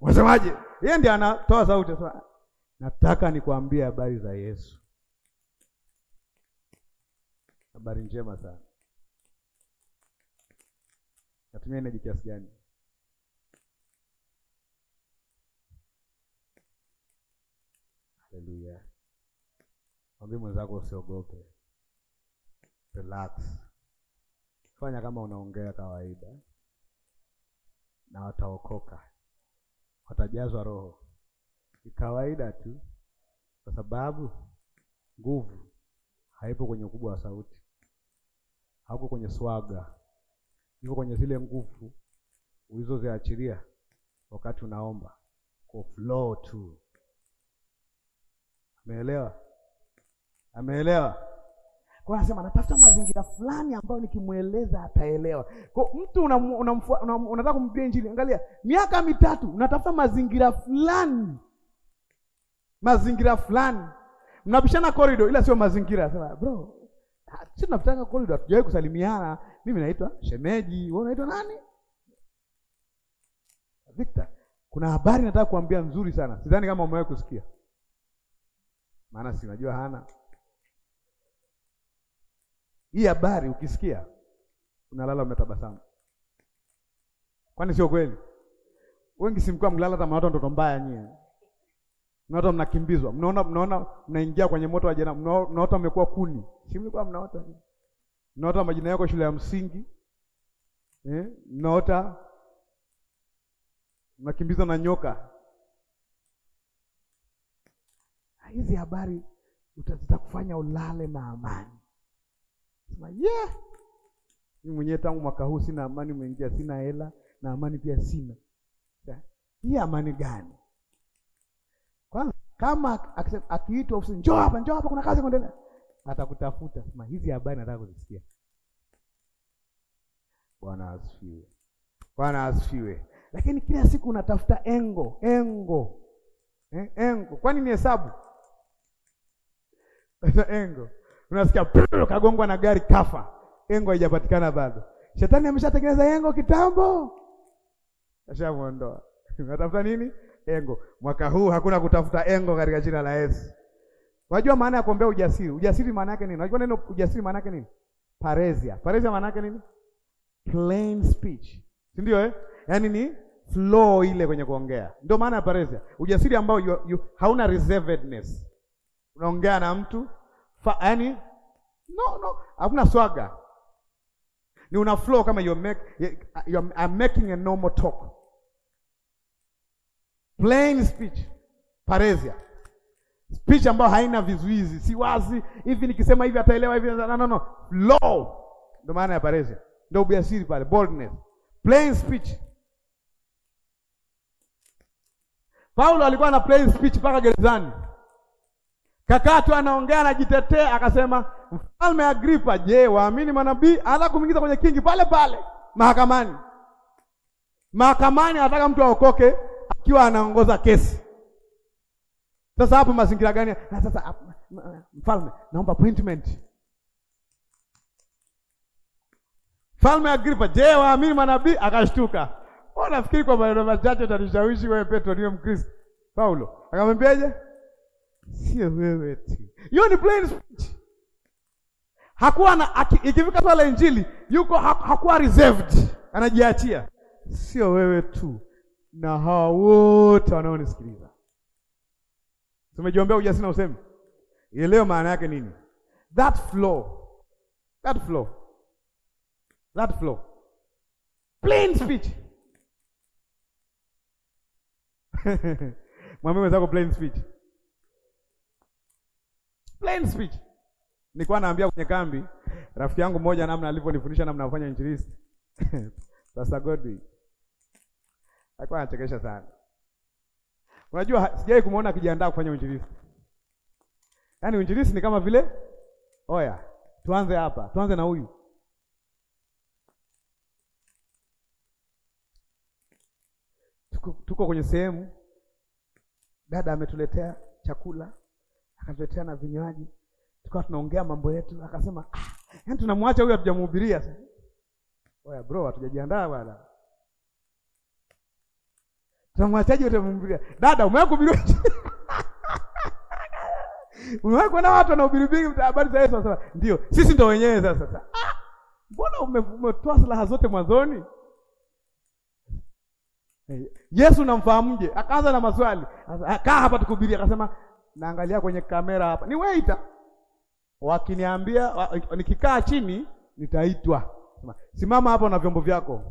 Wasemaje? Yeye ndiye anatoa sauti sasa. Nataka nikuambie habari za Yesu. Habari njema sana. Natumia energy kiasi gani? Haleluya. Mwambie mwenzako usiogope. Relax. Fanya kama unaongea kawaida na wataokoka, watajazwa Roho. Ni kawaida tu, kwa sababu nguvu haipo kwenye ukubwa wa sauti, hauko kwenye swaga, iko kwenye zile nguvu ulizoziachilia wakati unaomba kwa flow tu. Ameelewa? Ameelewa? Kwa anasema natafuta mazingira fulani ambayo nikimweleza ataelewa. Kwa mtu unataka una, una, kumpia Injili, angalia miaka mitatu unatafuta mazingira fulani, mazingira fulani, mnapishana korido, ila sio mazingira. Sema bro, ah, sisi tunapitanga korido, hatujawahi kusalimiana. Mimi naitwa shemeji, wewe unaitwa nani? Victor, kuna habari nataka kuambia nzuri sana, sidhani kama umewahi kusikia, maana si unajua hana hii habari ukisikia unalala umetabasamu, kwani sio kweli? Wengi simkuwa mlala hata mnaota ndoto mbaya nyie, mnaota mnakimbizwa, mnaona mnaona mnaingia kwenye moto wa jana, mnaota mmekuwa kuni, si mlikuwa mnaota? Mnaota majina yako shule ya msingi eh, mnaota mnakimbizwa na nyoka. Ah, hizi habari utazitakufanya ulale na amani. Sema yeah, mimi mwenyewe tangu mwaka huu sina amani, umeingia, sina hela na amani pia sina. Hii amani gani? Kwanza kama akiitwa ofisi, njoo hapa, njoo hapa, kuna kazi kuendelea, atakutafuta. Sema hizi habari nataka kuzisikia. Bwana asifiwe, Bwana asifiwe. Lakini kila siku unatafuta engo, engo, eh, engo. Kwani ni hesabu engo unasikia kagongwa na gari kafa, engo haijapatikana bado. Shetani ameshatengeneza engo kitambo, ashamuondoa. Unatafuta nini engo? Mwaka huu hakuna kutafuta engo katika jina la Yesu. Unajua maana ya kuombea ujasiri? Ujasiri maana yake nini? Unajua neno ujasiri maana yake nini? Parezia. Parezia maana yake nini? Plain speech, si ndio eh? Yaani ni flow ile kwenye kuongea, ndio maana ya parezia, ujasiri ambao you, you, hauna reservedness. Unaongea na mtu Fa, yani no no, hakuna swaga, ni una flow kama you make you are making a normal talk, plain speech, paresia speech ambayo haina vizuizi, si wazi hivi, nikisema hivi ataelewa hivi, no no no, flow ndio maana ya parezia ndio ubiasiri pale, boldness, plain speech. Paulo alikuwa na plain speech mpaka gerezani. Kakatu anaongea anajitetea, akasema Mfalme Agripa, je, waamini manabii? Anataka kumingiza kwenye kingi pale pale mahakamani. Mahakamani anataka mtu aokoke akiwa anaongoza kesi. Sasa hapo mazingira gani? Na sasa mfalme, naomba appointment. Mfalme Agripa, je, waamini manabii? Akashtuka. Nafikiri kwa maneno machache utanishawishi wewe Petro niwe Mkristo. Paulo akamwambiaje? sio wewe tu. Hiyo ni plain speech. Hakuwa na ikifika swala injili yuko hakuwa reserved, anajiachia, sio wewe tu na hawa wote wanaonisikiliza. Tumejiombea ujasiri na usemi Leo maana yake nini? That flow. That flow. That flow. Plain speech. Mwambie mwenzako plain speech. Plain speech. Nilikuwa naambia kwenye kambi rafiki yangu mmoja namna alivyonifundisha namna nafanya injilisti. Sasa Godwin. Alikuwa anachekesha sana. Unajua sijai kumuona akijiandaa kufanya injilisti. Yaani injilisti ni kama vile oya, tuanze hapa, tuanze na huyu. Tuko, tuko kwenye sehemu dada ametuletea chakula akatuletea vinywaji, tukawa tunaongea mambo yetu, akasema ah, yani tunamwacha huyo, hatujamhubiria sasa. Oya bro, hatujajiandaa bwana. Tunamwachaje utamhubiria? Dada, umewahi kuhubiriwa? Umewahi kuona watu wanahubiri habari za Yesu sasa? Ndio, sisi ndio wenyewe sasa sasa. Ah, mbona umetoa silaha zote mwanzoni? Yesu namfahamuje? Akaanza na maswali. Kaa hapa tukuhubiria, akasema naangalia kwenye kamera hapa, ni waiter. Wakiniambia wa, nikikaa chini nitaitwa, simama hapo na vyombo vyako,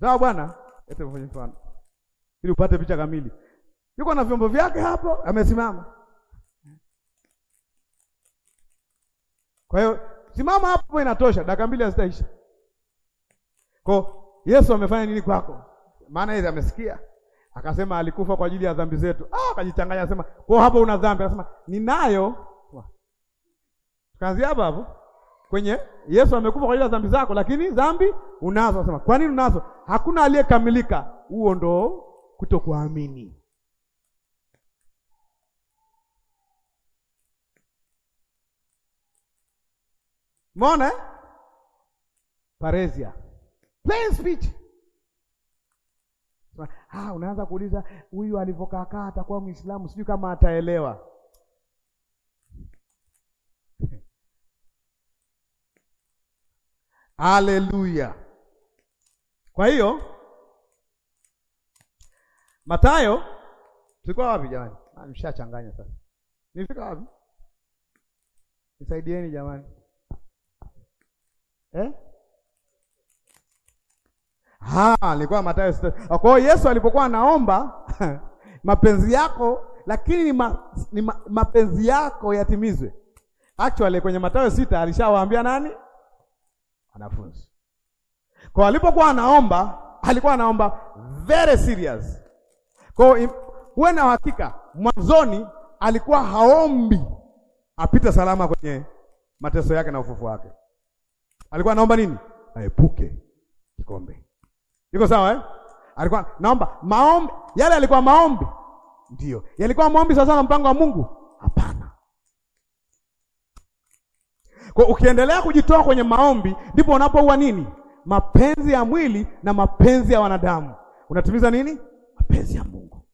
sawa bwana, mfanye ili upate picha kamili. Yuko na vyombo vyake hapo, amesimama. Kwa hiyo simama hapo, inatosha, dakika mbili hazitaisha. Kwa Yesu amefanya nini kwako? Maana yeye amesikia akasema alikufa kwa ajili ya dhambi zetu. Ah, akajichanganya akasema, kwa hapo una dhambi. Akasema ninayo. Kaanzia hapa hapo kwenye Yesu amekufa kwa ajili ya dhambi zako, lakini dhambi unazo. Akasema kwa nini unazo? Hakuna aliyekamilika. Huo ndo kutokuamini. Mona eh? Parezia. Plain speech. Ah, unaanza kuuliza huyu alivyokaa atakuwa Muislamu, sijui kama ataelewa. Haleluya! Kwa hiyo Mathayo, tulikuwa wapi jamani? Ah, Mshachanganya sasa, nifika wapi? Nisaidieni jamani eh? Ha, alikuwa Mathayo sita. Kwa hiyo Yesu alipokuwa anaomba mapenzi yako lakini ni, ma, ni ma, mapenzi yako yatimizwe. Actually kwenye Mathayo sita alishawaambia nani? Wanafunzi. Kwa alipokuwa anaomba, alikuwa anaomba very serious. Kwa huwe na hakika mwanzoni alikuwa haombi apite salama kwenye mateso yake na ufufu wake. Alikuwa anaomba nini? Aepuke kikombe. Niko sawa eh? Alikuwa naomba maombi, yale yalikuwa maombi ndio yalikuwa maombi sawasawa na mpango wa Mungu? Hapana. Kwa ukiendelea kujitoa kwenye maombi, ndipo unapoua nini? Mapenzi ya mwili na mapenzi ya wanadamu, unatimiza nini? Mapenzi ya Mungu.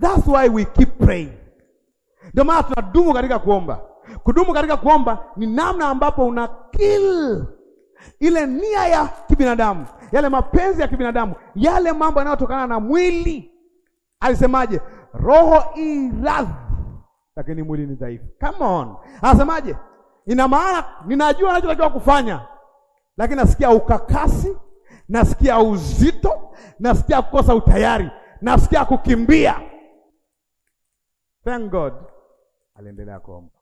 That's why we keep praying. Ndio maana tunadumu katika kuomba. Kudumu katika kuomba ni namna ambapo una kill ile nia ya kibinadamu, yale mapenzi ya kibinadamu, yale mambo yanayotokana na mwili. Alisemaje? roho i radhi, lakini mwili ni dhaifu. Come on, anasemaje? Ina maana ninajua nachotakiwa kufanya, lakini nasikia ukakasi, nasikia uzito, nasikia kukosa utayari, nasikia kukimbia. Thank God, aliendelea kuomba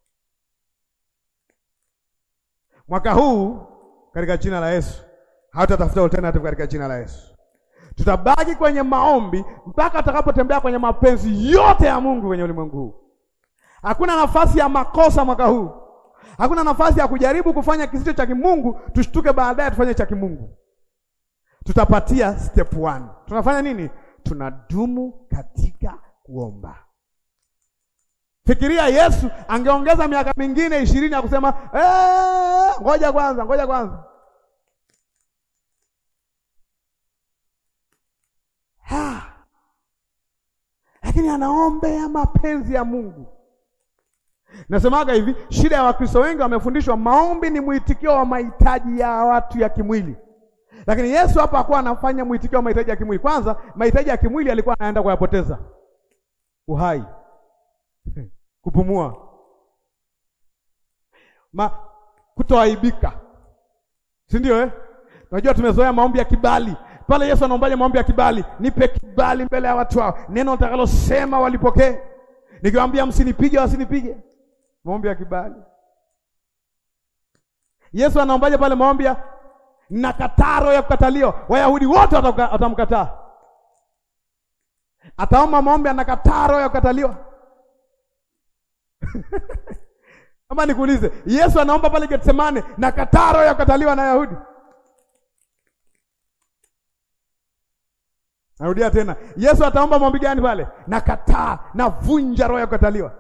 mwaka huu katika jina la Yesu. Hatatafuta alternative katika jina la Yesu. Tutabaki kwenye maombi mpaka tutakapotembea kwenye mapenzi yote ya Mungu kwenye ulimwengu huu. Hakuna nafasi ya makosa mwaka huu. Hakuna nafasi ya kujaribu kufanya kisicho cha kimungu, tushtuke baadaye tufanye cha kimungu. Tutapatia step one. Tunafanya nini? Tunadumu katika kuomba. Fikiria Yesu angeongeza miaka mingine ishirini ya kusema eh, ngoja kwanza, ngoja kwanza. Ha. Lakini anaombea mapenzi ya Mungu. Nasemaga hivi, shida ya Wakristo wengi wamefundishwa maombi ni mwitikio wa mahitaji ya watu ya kimwili, lakini Yesu hapa hakuwa anafanya mwitikio wa mahitaji ya kimwili. Kwanza mahitaji ya kimwili alikuwa anaenda kuyapoteza uhai kupumua, ma kutoaibika, si ndio eh? Unajua tumezoea maombi ya kibali pale. Yesu anaombaje maombi ya kibali? Nipe kibali mbele ya watu hao, neno nitakalosema walipokee, nikiwaambia msinipige wasinipige. Maombi ya kibali. Yesu anaombaje pale maombi ya na kataro ya kukataliwa. Wayahudi wote watamkataa, ataomba maombi na kataro ya kukataliwa. Ama nikuulize, Yesu anaomba pale Getsemane na kataa roho ya kukataliwa na Yahudi? Narudia tena, Yesu ataomba maombi gani pale? Na kataa, navunja roho ya kukataliwa.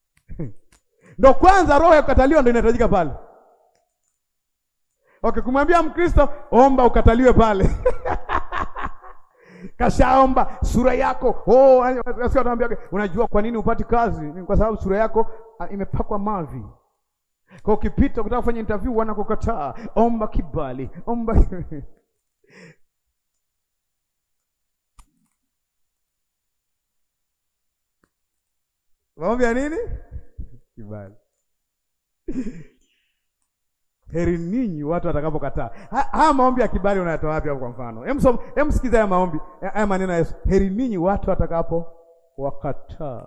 Ndio kwanza roho ya kukataliwa ndio inahitajika pale. Okay, kumwambia Mkristo omba ukataliwe pale kashaomba sura yako. Oh, unajua kwa nini upati kazi? Ni kwa sababu sura yako ah, imepakwa mavi. Kwa ukipita ukitaka kufanya interview wanakukataa. Omba kibali, omba waombe nini? Kibali heri ninyi watu watakapokataa. Haya maombi ya kibali unayatoa wapi hapo? Kwa mfano, hebu sikiza haya maombi, haya maneno ya Yesu, heri ninyi watu watakapo wakataa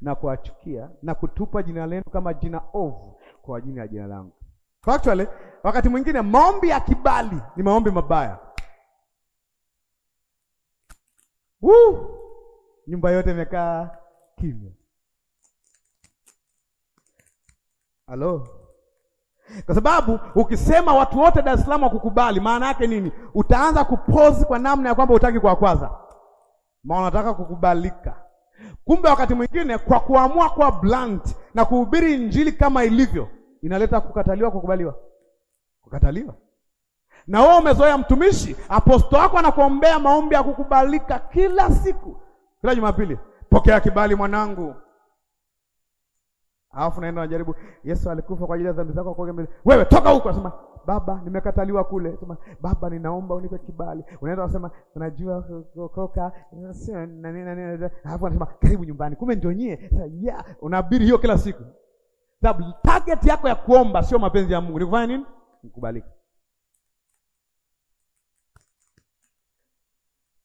na kuachukia na kutupa jina lenu kama jina ovu kwa ajili ya jina langu. Actually, wakati mwingine maombi ya kibali ni maombi mabaya. Woo! Nyumba yote imekaa kimya. Halo? Kwa sababu ukisema watu wote Dar es Salaam wakukubali, maana yake nini? Utaanza kupozi kwa namna ya kwamba utaki kuwakwaza, maana unataka kukubalika. Kumbe wakati mwingine kwa kuamua kuwa blunt na kuhubiri injili kama ilivyo, inaleta kukataliwa, kukubaliwa, kukataliwa. Na wewe umezoea mtumishi, aposto wako anakuombea maombi ya kukubalika kila siku, kila Jumapili, pokea kibali mwanangu Alafu naenda najaribu, Yesu alikufa kwa ajili ya dhambi zako, kwa wewe toka huko, nasema baba, nimekataliwa kule. Sema baba, ninaomba unipe kibali. Unaenda unasema unajua kuokoka sio nani nani, alafu anasema karibu nyumbani, kumbe ndio nyie. Sasa yeah, unahubiri hiyo kila siku, sababu target yako ya kuomba sio mapenzi ya Mungu, nikufanya nini? Nikubalika.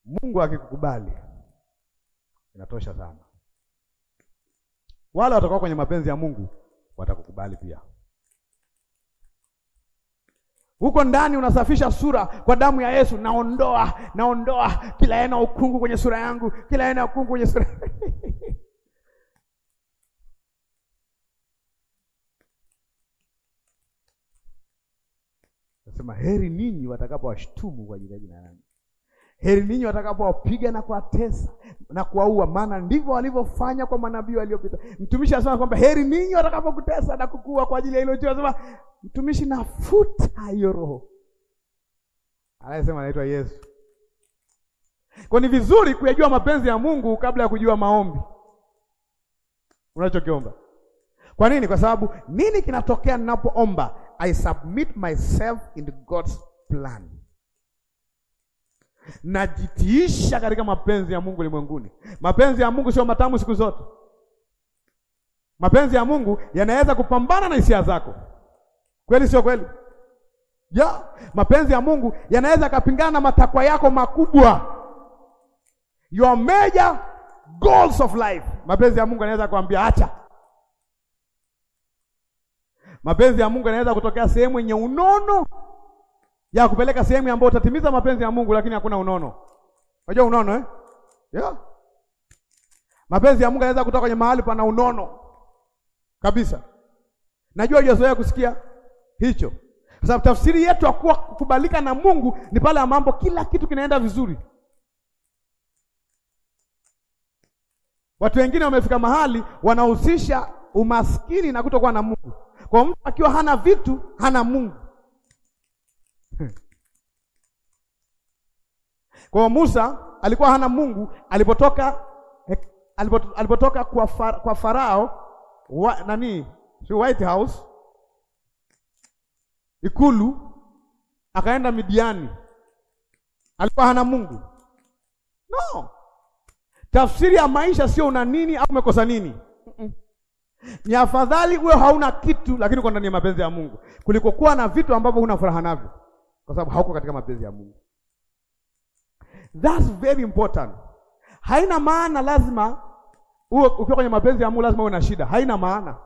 Mungu akikukubali inatosha sana wale watakuwa kwenye mapenzi ya Mungu watakukubali pia. Huko ndani unasafisha sura kwa damu ya Yesu. Naondoa, naondoa kila aina ukungu kwenye sura yangu, kila aina ukungu kwenye sura nasema heri ninyi watakapowashtumu kwa ajili ya jina langu. Heri ninyi watakapowapiga na kuwatesa na kuwaua, maana ndivyo walivyofanya kwa manabii waliopita. Mtumishi anasema kwamba heri ninyi watakapokutesa na kukua kwa ajili ya hilo jina. Anasema mtumishi, nafuta hiyo roho. Anayesema anaitwa Yesu. Kwa ni vizuri kuyajua mapenzi ya Mungu kabla ya kujua maombi unachokiomba. Kwa nini? Kwa sababu nini kinatokea ninapoomba? I submit myself in God's plan najitiisha katika mapenzi ya Mungu ulimwenguni. Mapenzi ya Mungu sio matamu siku zote. Mapenzi ya Mungu yanaweza kupambana na hisia zako, kweli sio kweli? Ya, mapenzi ya Mungu yanaweza kapingana na matakwa yako makubwa, your major goals of life. Mapenzi ya Mungu yanaweza kuambia acha. Mapenzi ya Mungu yanaweza kutokea sehemu yenye unono ya kupeleka sehemu ambayo utatimiza mapenzi ya Mungu, lakini hakuna unono. Unajua unono eh? Yeah. Mapenzi ya Mungu yanaweza kutoka kwenye mahali pana unono kabisa. Najua hujazoea kusikia hicho, kwa sababu tafsiri yetu akuwa kukubalika na Mungu ni pale ya mambo, kila kitu kinaenda vizuri. Watu wengine wamefika mahali wanahusisha umaskini na kutokuwa na Mungu. Kwa mtu akiwa hana vitu, hana Mungu. Kwa hiyo Musa alikuwa hana Mungu alipotoka eh, alipotoka kwa, far, kwa Farao wa, nani si White House ikulu akaenda Midiani, alikuwa hana Mungu. No, tafsiri ya maisha sio una nini au umekosa nini. Ni afadhali uwe hauna kitu lakini uko ndani ya mapenzi ya Mungu kuliko kuwa na vitu ambavyo huna furaha navyo, kwa sababu hauko katika mapenzi ya Mungu. That's very important. Haina maana lazima uwe ukiwa kwenye mapenzi ya Mungu lazima uwe na shida, haina maana.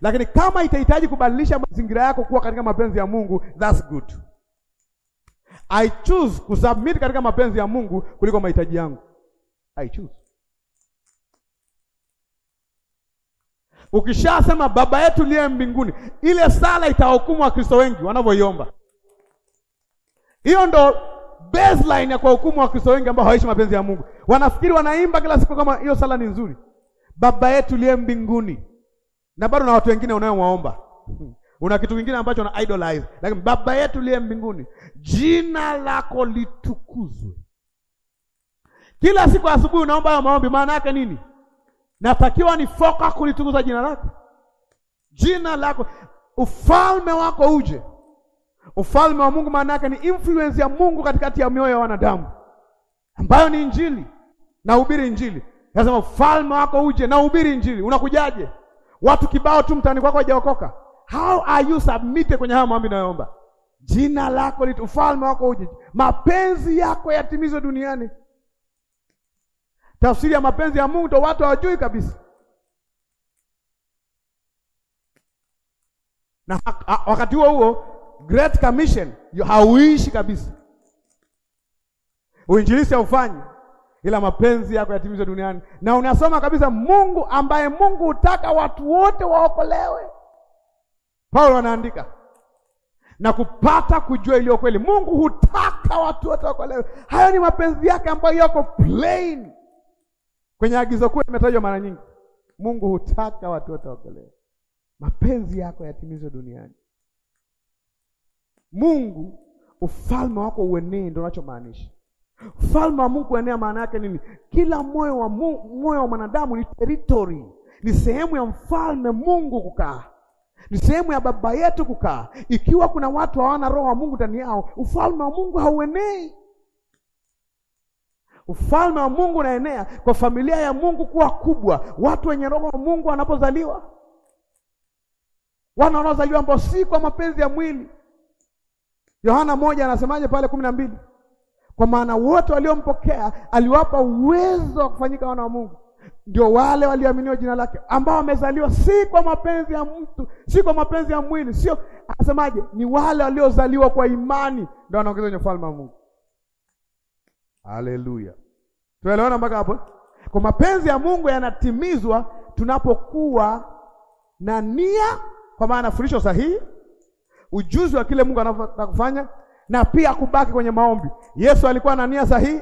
Lakini kama itahitaji kubadilisha mazingira yako kuwa katika mapenzi ya Mungu, that's good. I choose kusubmit katika mapenzi ya Mungu kuliko mahitaji yangu. I choose. Ukishasema baba yetu liye mbinguni, ile sala itawahukumu Wakristo wengi wanavyoiomba. Hiyo ndo baseline ya kwa hukumu wa Kristo wengi ambao hawaishi mapenzi ya Mungu. Wanafikiri wanaimba kila siku kama hiyo sala ni nzuri, Baba yetu liye mbinguni, na bado na watu wengine unayomwaomba. una kitu kingine ambacho una idolize, lakini baba yetu liye mbinguni, jina lako litukuzwe. Kila siku asubuhi unaomba hayo maombi, maana yake nini? Natakiwa ni foka kulitukuza jina lako, jina lako, ufalme wako uje Ufalme wa Mungu maana yake ni influence ya Mungu katikati ya mioyo ya wanadamu, ambayo ni Injili. Nahubiri Injili, nasema ufalme wako uje, nahubiri Injili. Unakujaje? Watu kibao tu mtaani kwako hajaokoka. How are you submitted kwenye haya maombi nayoomba? Jina lako litu, ufalme wako uje, mapenzi yako yatimizwe duniani. Tafsiri ya mapenzi ya Mungu to watu hawajui kabisa, na wakati huo huo Great Commission hauishi kabisa, uinjilisi haufanyi, ila mapenzi yako yatimizwe duniani, na unasoma kabisa Mungu ambaye Mungu hutaka watu wote waokolewe. Paulo anaandika na kupata kujua iliyo kweli. Mungu hutaka watu wote waokolewe. Hayo ni mapenzi yake ambayo yako plain kwenye agizo kuu, imetajwa mara nyingi. Mungu hutaka watu wote waokolewe, mapenzi yako yatimizwe duniani. Mungu ufalme wako uenee, ndio unachomaanisha ufalme wa Mungu uenea. Maana yake nini? Kila moyo wa moyo wa mwanadamu ni territory, ni sehemu ya mfalme Mungu kukaa, ni sehemu ya baba yetu kukaa. Ikiwa kuna watu hawana roho wa Mungu ndani yao, ufalme wa Mungu hauenei. Ufalme wa Mungu unaenea kwa familia ya Mungu kuwa kubwa, watu wenye roho wa Mungu wanapozaliwa, wana wanaozaliwa ambao si kwa mapenzi ya mwili Yohana moja anasemaje pale kumi na mbili? Kwa maana wote waliompokea aliwapa uwezo wa kufanyika wana wa Mungu, ndio wale walioaminiwa jina lake, ambao wamezaliwa si kwa mapenzi ya mtu, si kwa mapenzi ya mwili, sio. Anasemaje? Ni wale waliozaliwa kwa imani, ndio wanaongezwa kwenye ufalme wa Mungu. Haleluya, tuelewana mpaka hapo? Kwa mapenzi ya Mungu yanatimizwa tunapokuwa na nia, kwa maana fundisho sahihi ujuzi wa kile Mungu anataka kufanya na pia kubaki kwenye maombi. Yesu alikuwa na nia sahihi,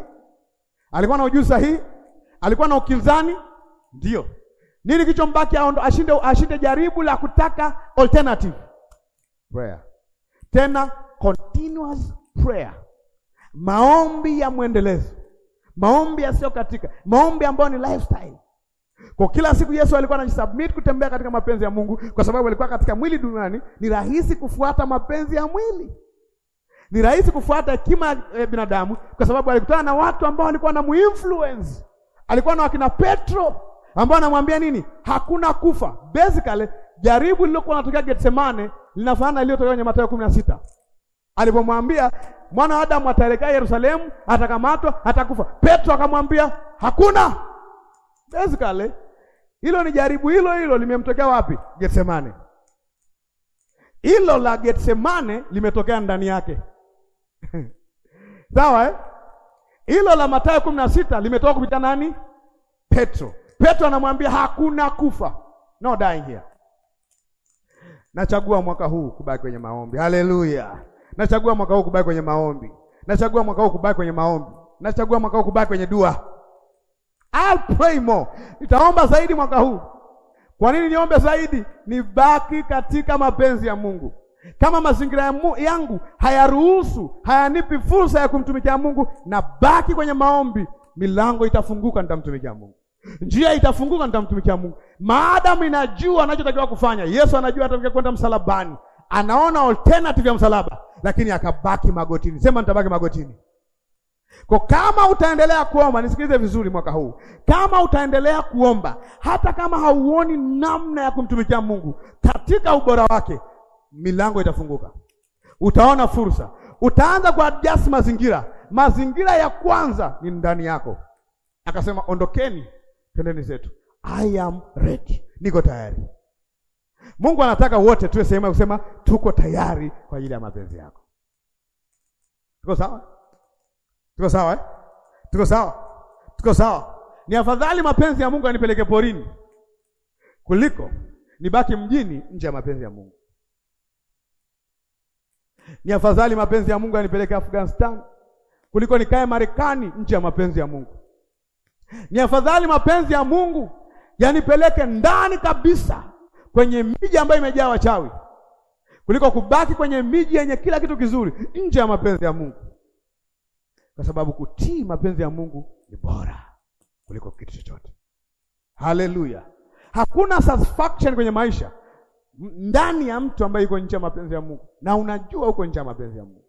alikuwa na ujuzi sahihi, alikuwa na ukinzani. Ndio nini kilichombaki? Aondo ashinde, ashinde jaribu la kutaka alternative prayer, tena continuous prayer, maombi ya mwendelezo, maombi yasiyokatika, maombi ambayo ni lifestyle. Kwa kila siku Yesu alikuwa anajisubmit kutembea katika mapenzi ya Mungu kwa sababu alikuwa katika mwili duniani, ni rahisi kufuata mapenzi ya mwili. Ni rahisi kufuata hekima ya binadamu kwa sababu alikutana na watu ambao walikuwa na muinfluence. Alikuwa na wakina Petro ambao anamwambia nini? Hakuna kufa. Basically, jaribu lilokuwa natokea Getsemane linafanana iliyotokea kwenye Mathayo 16. Alipomwambia mwana wa Adamu ataelekea Yerusalemu, atakamatwa, atakufa. Petro akamwambia hakuna Basically, hilo ni jaribu hilo hilo limemtokea wapi? Getsemane. Hilo la Getsemane limetokea ndani yake sawa eh? Hilo la Mathayo kumi na sita limetoka kupita nani? Petro. Petro anamwambia hakuna kufa, no dying here. Nachagua mwaka huu kubaki kwenye maombi. Haleluya! Nachagua mwaka huu kubaki kwenye maombi. Nachagua mwaka huu kubaki kwenye maombi. Nachagua mwaka huu kubaki kwenye dua. I'll pray more. Nitaomba zaidi mwaka huu. Kwa nini niombe zaidi? Nibaki katika mapenzi ya Mungu. Kama mazingira ya yangu hayaruhusu, hayanipi fursa ya kumtumikia Mungu, na baki kwenye maombi, milango itafunguka, nitamtumikia Mungu. Njia itafunguka, nitamtumikia Mungu. Maadamu inajua anachotakiwa kufanya. Yesu anajua atatakiwa kwenda msalabani, anaona alternative ya msalaba, lakini akabaki magotini. Sema nitabaki magotini. Kwa kama utaendelea kuomba, nisikilize vizuri mwaka huu. Kama utaendelea kuomba hata kama hauoni namna ya kumtumikia Mungu katika ubora wake, milango itafunguka. Utaona fursa. Utaanza kuadjust mazingira. Mazingira ya kwanza ni ndani yako. Akasema, ondokeni, tendeni zetu. I am ready. Niko tayari. Mungu anataka wote tuwe sehemu ya kusema tuko tayari kwa ajili ya mapenzi yako. Tuko sawa? Tuko sawa eh? Tuko sawa, tuko sawa. Ni afadhali mapenzi ya Mungu anipeleke porini kuliko nibaki mjini nje ya mapenzi ya Mungu. Ni afadhali mapenzi ya Mungu anipeleke Afghanistan kuliko nikae Marekani nje ya mapenzi ya Mungu. Ni afadhali mapenzi ya Mungu yanipeleke ndani kabisa kwenye miji ambayo imejaa wachawi kuliko kubaki kwenye miji yenye kila kitu kizuri nje ya mapenzi ya Mungu kwa sababu kutii mapenzi ya Mungu ni bora kuliko kitu chochote. Haleluya! Hakuna satisfaction kwenye maisha ndani ya mtu ambaye yuko nje ya mapenzi ya Mungu, na unajua uko nje ya mapenzi ya Mungu.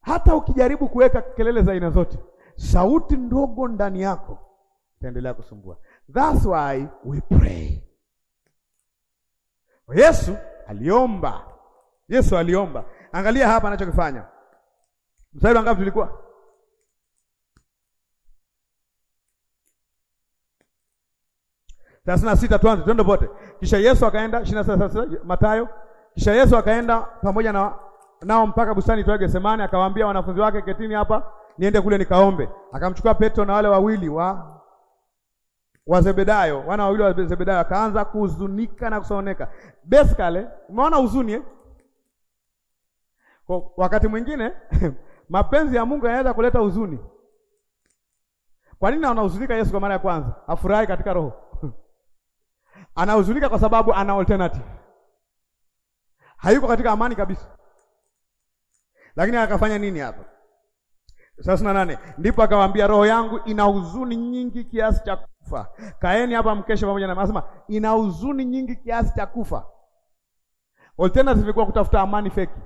Hata ukijaribu kuweka kelele za aina zote, sauti ndogo ndani yako itaendelea kusumbua. That's why we pray. Yesu aliomba, Yesu aliomba Angalia hapa anachokifanya. Mstari wangapi tulikuwa? thelathini na sita. Tuanze, twende pote. Kisha Yesu akaenda ishirini Mathayo. Kisha Yesu akaenda pamoja na nao mpaka bustani itwayo Gethsemane, akawaambia wanafunzi wake, ketini hapa niende kule nikaombe. Akamchukua Petro na wale wawili wa wa Zebedayo, wana wawili wa Zebedayo, akaanza kuhuzunika na kusononeka. Basically, umeona huzuni eh? Kwa wakati mwingine mapenzi ya Mungu yanaweza kuleta huzuni. Kwa nini anahuzunika Yesu kwa mara ya kwanza? Afurahi katika roho. Anahuzunika kwa sababu ana alternative. Hayuko katika amani kabisa. Lakini akafanya nini hapa? Thelathini na nane. Ndipo akawaambia roho yangu ina huzuni nyingi kiasi cha kufa. Kaeni hapa mkesha pamoja na anasema ina huzuni nyingi kiasi cha kufa. Alternative ilikuwa kutafuta amani feki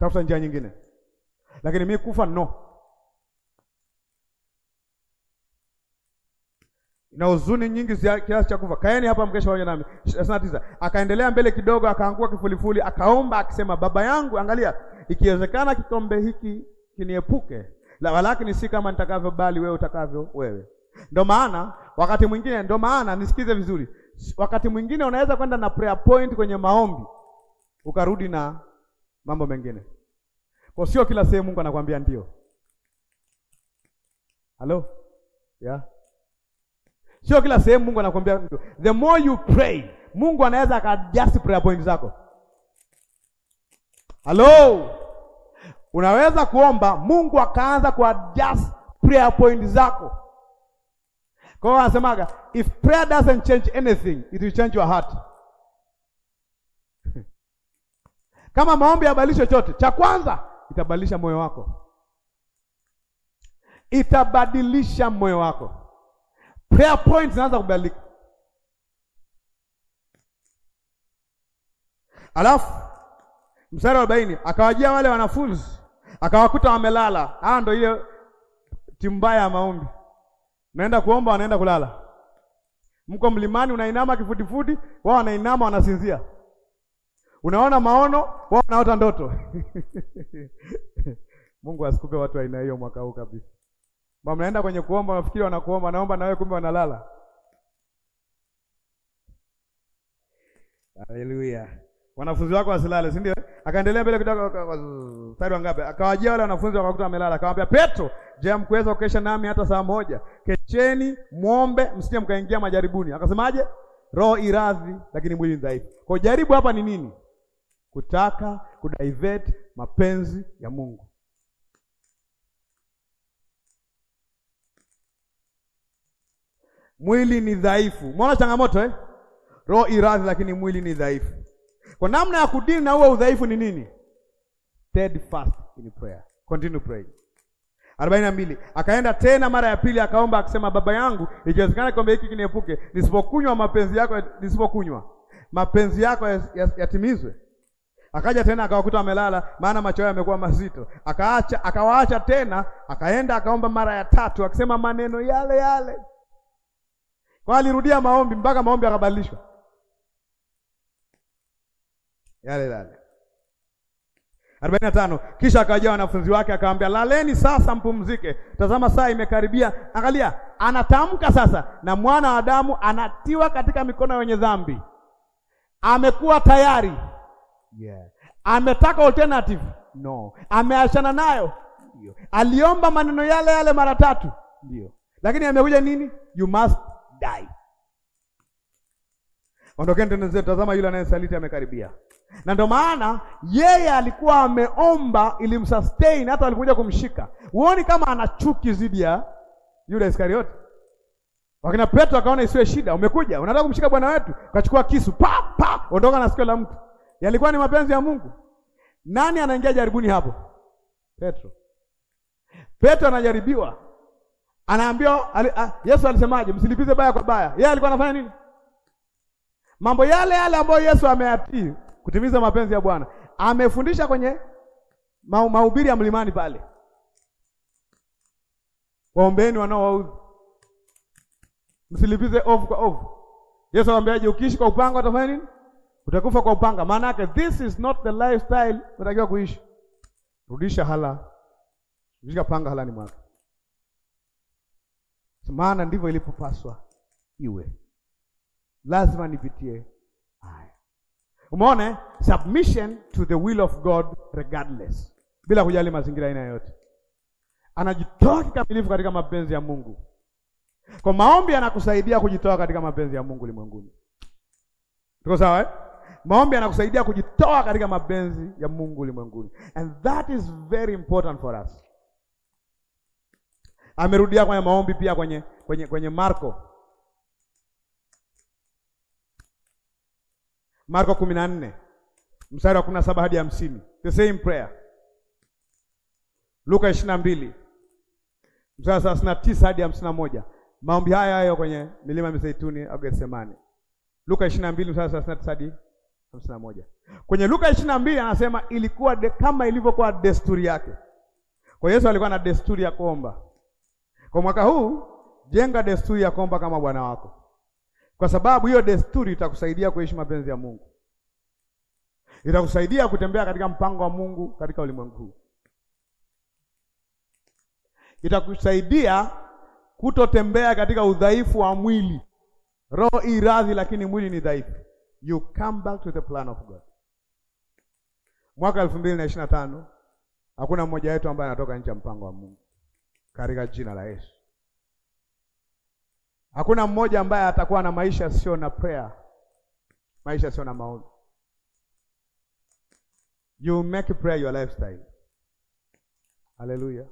tafuta njia nyingine, lakini mi kufa no. na huzuni nyingi kiasi cha kufa. Kaeni hapa mkesha pamoja nami. thelathini na tisa. Akaendelea mbele kidogo, akaangua kifulifuli, akaomba akisema, Baba yangu, angalia, ikiwezekana kikombe hiki kiniepuke, la walakini si kama nitakavyo, bali wewe utakavyo wewe. Ndio maana wakati mwingine, ndio maana nisikize vizuri, wakati mwingine unaweza kwenda na prayer point kwenye maombi ukarudi na mambo mengine. Kwa sio kila sehemu Mungu anakuambia ndio. Halo? Yeah. Sio kila sehemu Mungu anakuambia ndio. The more you pray, Mungu anaweza akadjust prayer point zako. Halo? Unaweza kuomba Mungu akaanza kuadjust prayer point zako. Kwa hiyo anasemaga if prayer doesn't change anything, it will change your heart. Kama maombi yabadilishe chochote, cha kwanza itabadilisha moyo wako, itabadilisha moyo wako. Prayer point zinaanza kubadilika. Alafu mstari wa arobaini akawajia wale wanafunzi akawakuta wamelala. Haya, ndio ile timu mbaya ya maombi. Naenda kuomba, wanaenda kulala. Mko mlimani, unainama kifudifudi, wao wanainama, wanasinzia unaona maono, wao wanaota ndoto Mungu asikupe watu aina hiyo mwaka huu kabisa. Mbona mnaenda kwenye kuomba, nafikiri wanakuomba, naomba na wewe, kumbe wanalala. Haleluya. Wanafunzi wako wasilale, si ndio? Akaendelea mbele kidogo, mstari wa ngapi? Akawajia wale wanafunzi wakakuta wamelala, akamwambia Petro, je, mkuweza kukesha nami hata saa moja? Kecheni, muombe, msije mkaingia majaribuni. Akasemaje? Roho iradhi, lakini mwili dhaifu. Kwa jaribu hapa ni nini? kutaka kudivert mapenzi ya Mungu. Mwili ni dhaifu, umeona changamoto eh? Roho iradhi, lakini mwili ni dhaifu. Kwa namna ya kudili na huo udhaifu ni nini? Steadfast in prayer, continue praying. arobaini na mbili akaenda tena mara ya pili akaomba akisema, Baba yangu, ikiwezekana kikombe hiki kiniepuke, nisipokunywa mapenzi yako, nisipokunywa mapenzi yako yatimizwe Akaja tena akawakuta wamelala, maana macho yao yamekuwa mazito. Akaacha, akawaacha tena, akaenda akaomba mara ya tatu, akisema maneno yale yale. Kwa alirudia maombi mpaka maombi akabadilishwa yale yale. tano. Kisha akawajia wanafunzi wake akawaambia, laleni sasa mpumzike, tazama saa imekaribia. Angalia, anatamka sasa, na mwana wa Adamu anatiwa katika mikono ya wenye dhambi. Amekuwa tayari yeah. Ametaka alternative no. Ameachana nayo ndio. Aliomba maneno yale yale mara tatu ndio, lakini amekuja nini? You must die. Ondokeni tena, tazama yule anayesaliti amekaribia. Na ndio maana yeye alikuwa ameomba ili msustain hata alikuja kumshika. Huoni kama ana chuki dhidi ya yule Iskarioti? Wakina Petro akaona isiwe shida, umekuja unataka kumshika bwana wetu, ukachukua kisu pa pa, ondoka na sikio la mtu yalikuwa ni mapenzi ya Mungu. Nani anaingia jaribuni hapo? Petro. Petro anajaribiwa, anaambiwa ali, a, ah, Yesu alisemaje? Msilipize baya kwa baya. Yeye alikuwa anafanya nini? Mambo yale yale ambayo Yesu ameyatii kutimiza mapenzi ya Bwana amefundisha kwenye ma, mahubiri ya mlimani pale, waombeni wanaowaudhi, msilipize ovu kwa ovu. Yesu akamwambiaje? Ukiishi kwa upanga utafanya nini? Utakufa kwa upanga. Maana yake this is not the lifestyle unatakiwa kuishi. Rudisha hala. Rudisha panga halani mwako. Maana ndivyo ilipopaswa iwe. Lazima nipitie haya. Umeona, eh? submission to the will of God regardless, bila kujali mazingira aina yote, anajitoa kikamilifu katika mapenzi ya Mungu. Kwa maombi, anakusaidia kujitoa katika mapenzi ya Mungu limwenguni. Tuko sawa eh? Maombi yanakusaidia kujitoa katika mapenzi ya Mungu ulimwenguni, and that is very important for us. Amerudia kwenye maombi pia kwenye kwenye kwenye Marko Marko 14 mstari wa 17 hadi 50, the same prayer. Luka 22 mstari wa 39 hadi 51, maombi haya hayo kwenye milima ya Mizeituni au Getsemani. Luka 22 mstari wa 39 na tisa hadi hamsini na moja. Kwenye Luka ishirini na mbili anasema ilikuwa de, kama ilivyokuwa desturi yake. Kwa Yesu alikuwa na desturi ya kuomba. Kwa mwaka huu jenga desturi ya kuomba kama Bwana wako, kwa sababu hiyo desturi itakusaidia kuishi mapenzi ya Mungu, itakusaidia kutembea katika mpango wa Mungu katika ulimwengu huu, itakusaidia kutotembea katika udhaifu wa mwili. Roho i radhi, lakini mwili ni dhaifu you come back to the plan of God. Mwaka elfu mbili na ishirini na tano hakuna mmoja wetu ambaye anatoka nje ya mpango wa Mungu katika jina la Yesu. Hakuna mmoja ambaye atakuwa na maisha sio na prayer, maisha sio na maombi. You make prayer your lifestyle. Haleluya!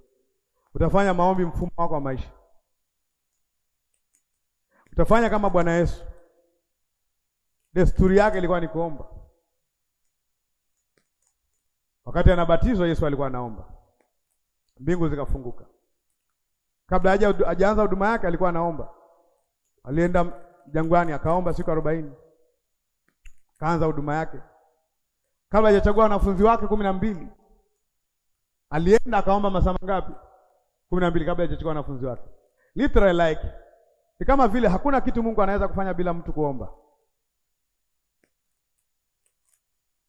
Utafanya maombi mfumo wako wa maisha, utafanya kama Bwana Yesu Desturi yake ilikuwa ni kuomba. Wakati anabatizwa Yesu alikuwa anaomba, mbingu zikafunguka. Kabla haja hajaanza huduma yake alikuwa anaomba, alienda jangwani akaomba siku arobaini, akaanza huduma yake. Kabla hajachagua wanafunzi wake kumi na mbili alienda akaomba masaa mangapi? kumi na mbili, kabla hajachagua wanafunzi wake. Literally like ni kama vile hakuna kitu Mungu anaweza kufanya bila mtu kuomba.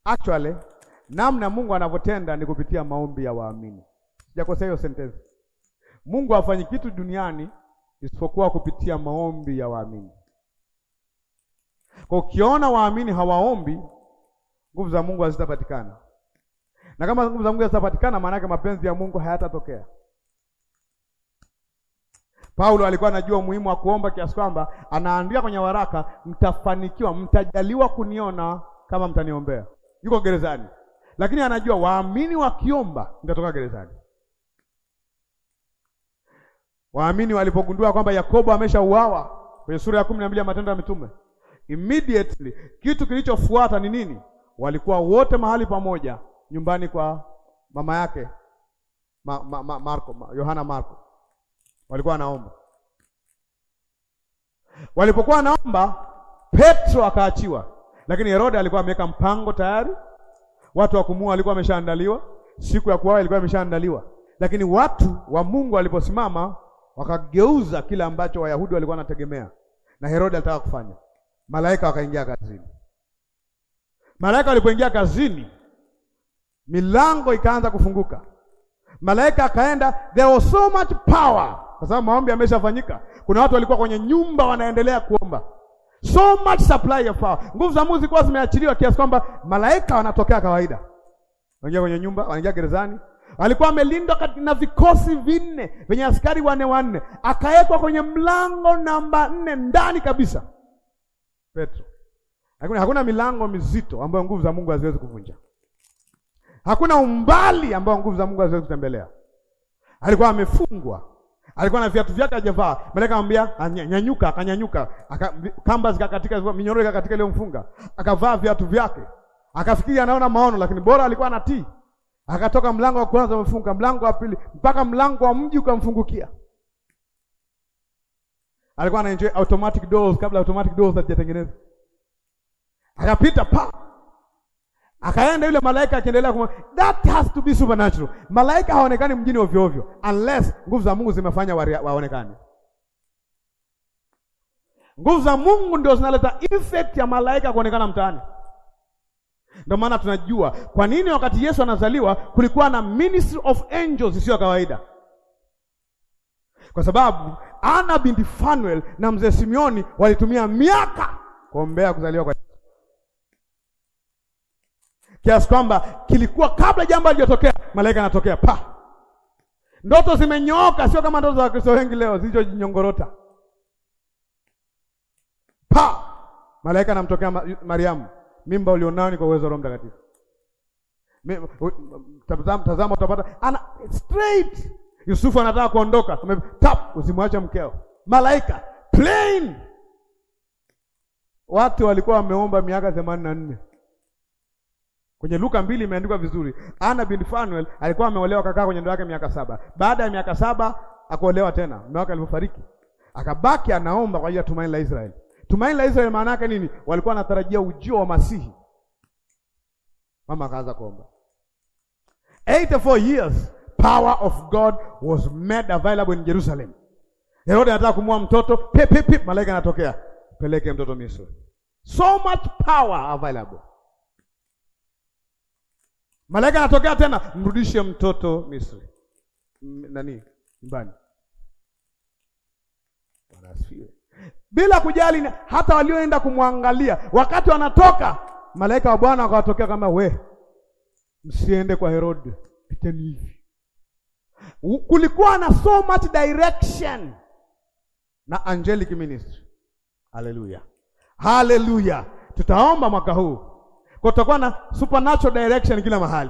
Actually, namna Mungu anavyotenda ni kupitia maombi ya waamini. Sijakosea hiyo sentence. Mungu hafanyi kitu duniani isipokuwa kupitia maombi ya waamini. Kwa ukiona waamini hawaombi, nguvu za Mungu hazitapatikana. Na kama nguvu za Mungu hazitapatikana, maana yake mapenzi ya Mungu hayatatokea. Paulo alikuwa anajua umuhimu wa kuomba kiasi kwamba anaandika kwenye waraka, mtafanikiwa, mtajaliwa kuniona kama mtaniombea yuko gerezani, lakini anajua waamini wakiomba nitatoka gerezani. Waamini walipogundua kwamba Yakobo ameshauawa kwenye sura ya kumi na mbili ya Matendo ya Mitume, immediately kitu kilichofuata ni nini? Walikuwa wote mahali pamoja nyumbani kwa mama yake ma, ma, ma, Marko ma, Yohana Marko walikuwa wanaomba. Walipokuwa wanaomba, Petro akaachiwa. Lakini Herode alikuwa ameweka mpango tayari, watu wa kumua walikuwa wameshaandaliwa, siku ya kuuawa ilikuwa imeshaandaliwa. Lakini watu wa Mungu waliposimama, wakageuza kila ambacho Wayahudi walikuwa wanategemea, na Herode alitaka kufanya. Malaika wakaingia kazini. Malaika walipoingia kazini, milango ikaanza kufunguka. Malaika akaenda, there was so much power, kwa sababu maombi yameshafanyika. Kuna watu walikuwa kwenye nyumba wanaendelea kuomba so much supply of power. Nguvu za Mungu zilikuwa zimeachiliwa kiasi kwamba malaika wanatokea kawaida, wanaingia kwenye nyumba, wanaingia gerezani. Alikuwa amelindwa na vikosi vinne vyenye askari wanne wanne, akawekwa kwenye mlango namba nne ndani kabisa. Petro, hakuna, hakuna milango mizito ambayo nguvu za Mungu haziwezi kuvunja. Hakuna umbali ambao nguvu za Mungu haziwezi kutembelea. Alikuwa amefungwa alikuwa na viatu vyake hajavaa. Malaika akamwambia anyanyuka, akanyanyuka, kamba zikakatika, minyororo ikakatika ile mfunga, akavaa viatu vyake, akafikiri anaona maono, lakini bora alikuwa anatii. Akatoka mlango wa kwanza umefunga, mlango wa pili, mpaka mlango wa mji ukamfungukia. Alikuwa anaenjoy automatic doors kabla automatic doors hazijatengenezwa, akapita pa Akaenda yule malaika akiendelea kumwambia, that has to be supernatural. Malaika haonekani mjini ovyo ovyo unless nguvu za Mungu zimefanya waonekane. Nguvu za Mungu ndio zinaleta effect ya malaika kuonekana mtaani. Ndio maana tunajua kwa nini wakati Yesu anazaliwa kulikuwa na ministry of angels isiyo kawaida, kwa sababu Ana binti Fanuel na mzee Simeoni walitumia miaka kuombea kuzaliwa kwa kiasi kwamba kilikuwa kabla jambo halijatokea, malaika anatokea pa. Ndoto zimenyooka, sio kama ndoto za Wakristo wengi leo zilizojinyongorota. Pa, malaika anamtokea Mariamu, mimba ulionao ni kwa uwezo wa Roho Mtakatifu. Tazama, tazama utapata ana straight. Yusufu anataka kuondoka, tap, usimwache mkeo. Malaika plain. Watu walikuwa wameomba miaka themanini na nne. Kwenye Luka mbili imeandikwa vizuri, Ana bin Fanuel alikuwa ameolewa akakaa kwenye ndoa yake miaka saba. Baada ya miaka saba akaolewa tena, mume wake alipofariki akabaki anaomba kwa ajili ya tumaini la Israeli. Tumaini la Israeli maana yake nini? Walikuwa wanatarajia ujio wa Masihi. Mama akaanza kuomba 84 years power of God was made available in Jerusalem. Herode anataka kumua mtoto, pip pip pip, malaika anatokea, peleke mtoto Misri. So much power available. Malaika anatokea tena, mrudishe mtoto Misri, nani nyumbani. Bila kujali hata walioenda kumwangalia, wakati wanatoka, malaika wa Bwana wakawatokea kama, we msiende kwa Herode, piteni hivi. Kulikuwa na so much direction na angelic ministry. Haleluya, haleluya! Tutaomba mwaka huu kwa tutakuwa na supernatural direction kila mahali.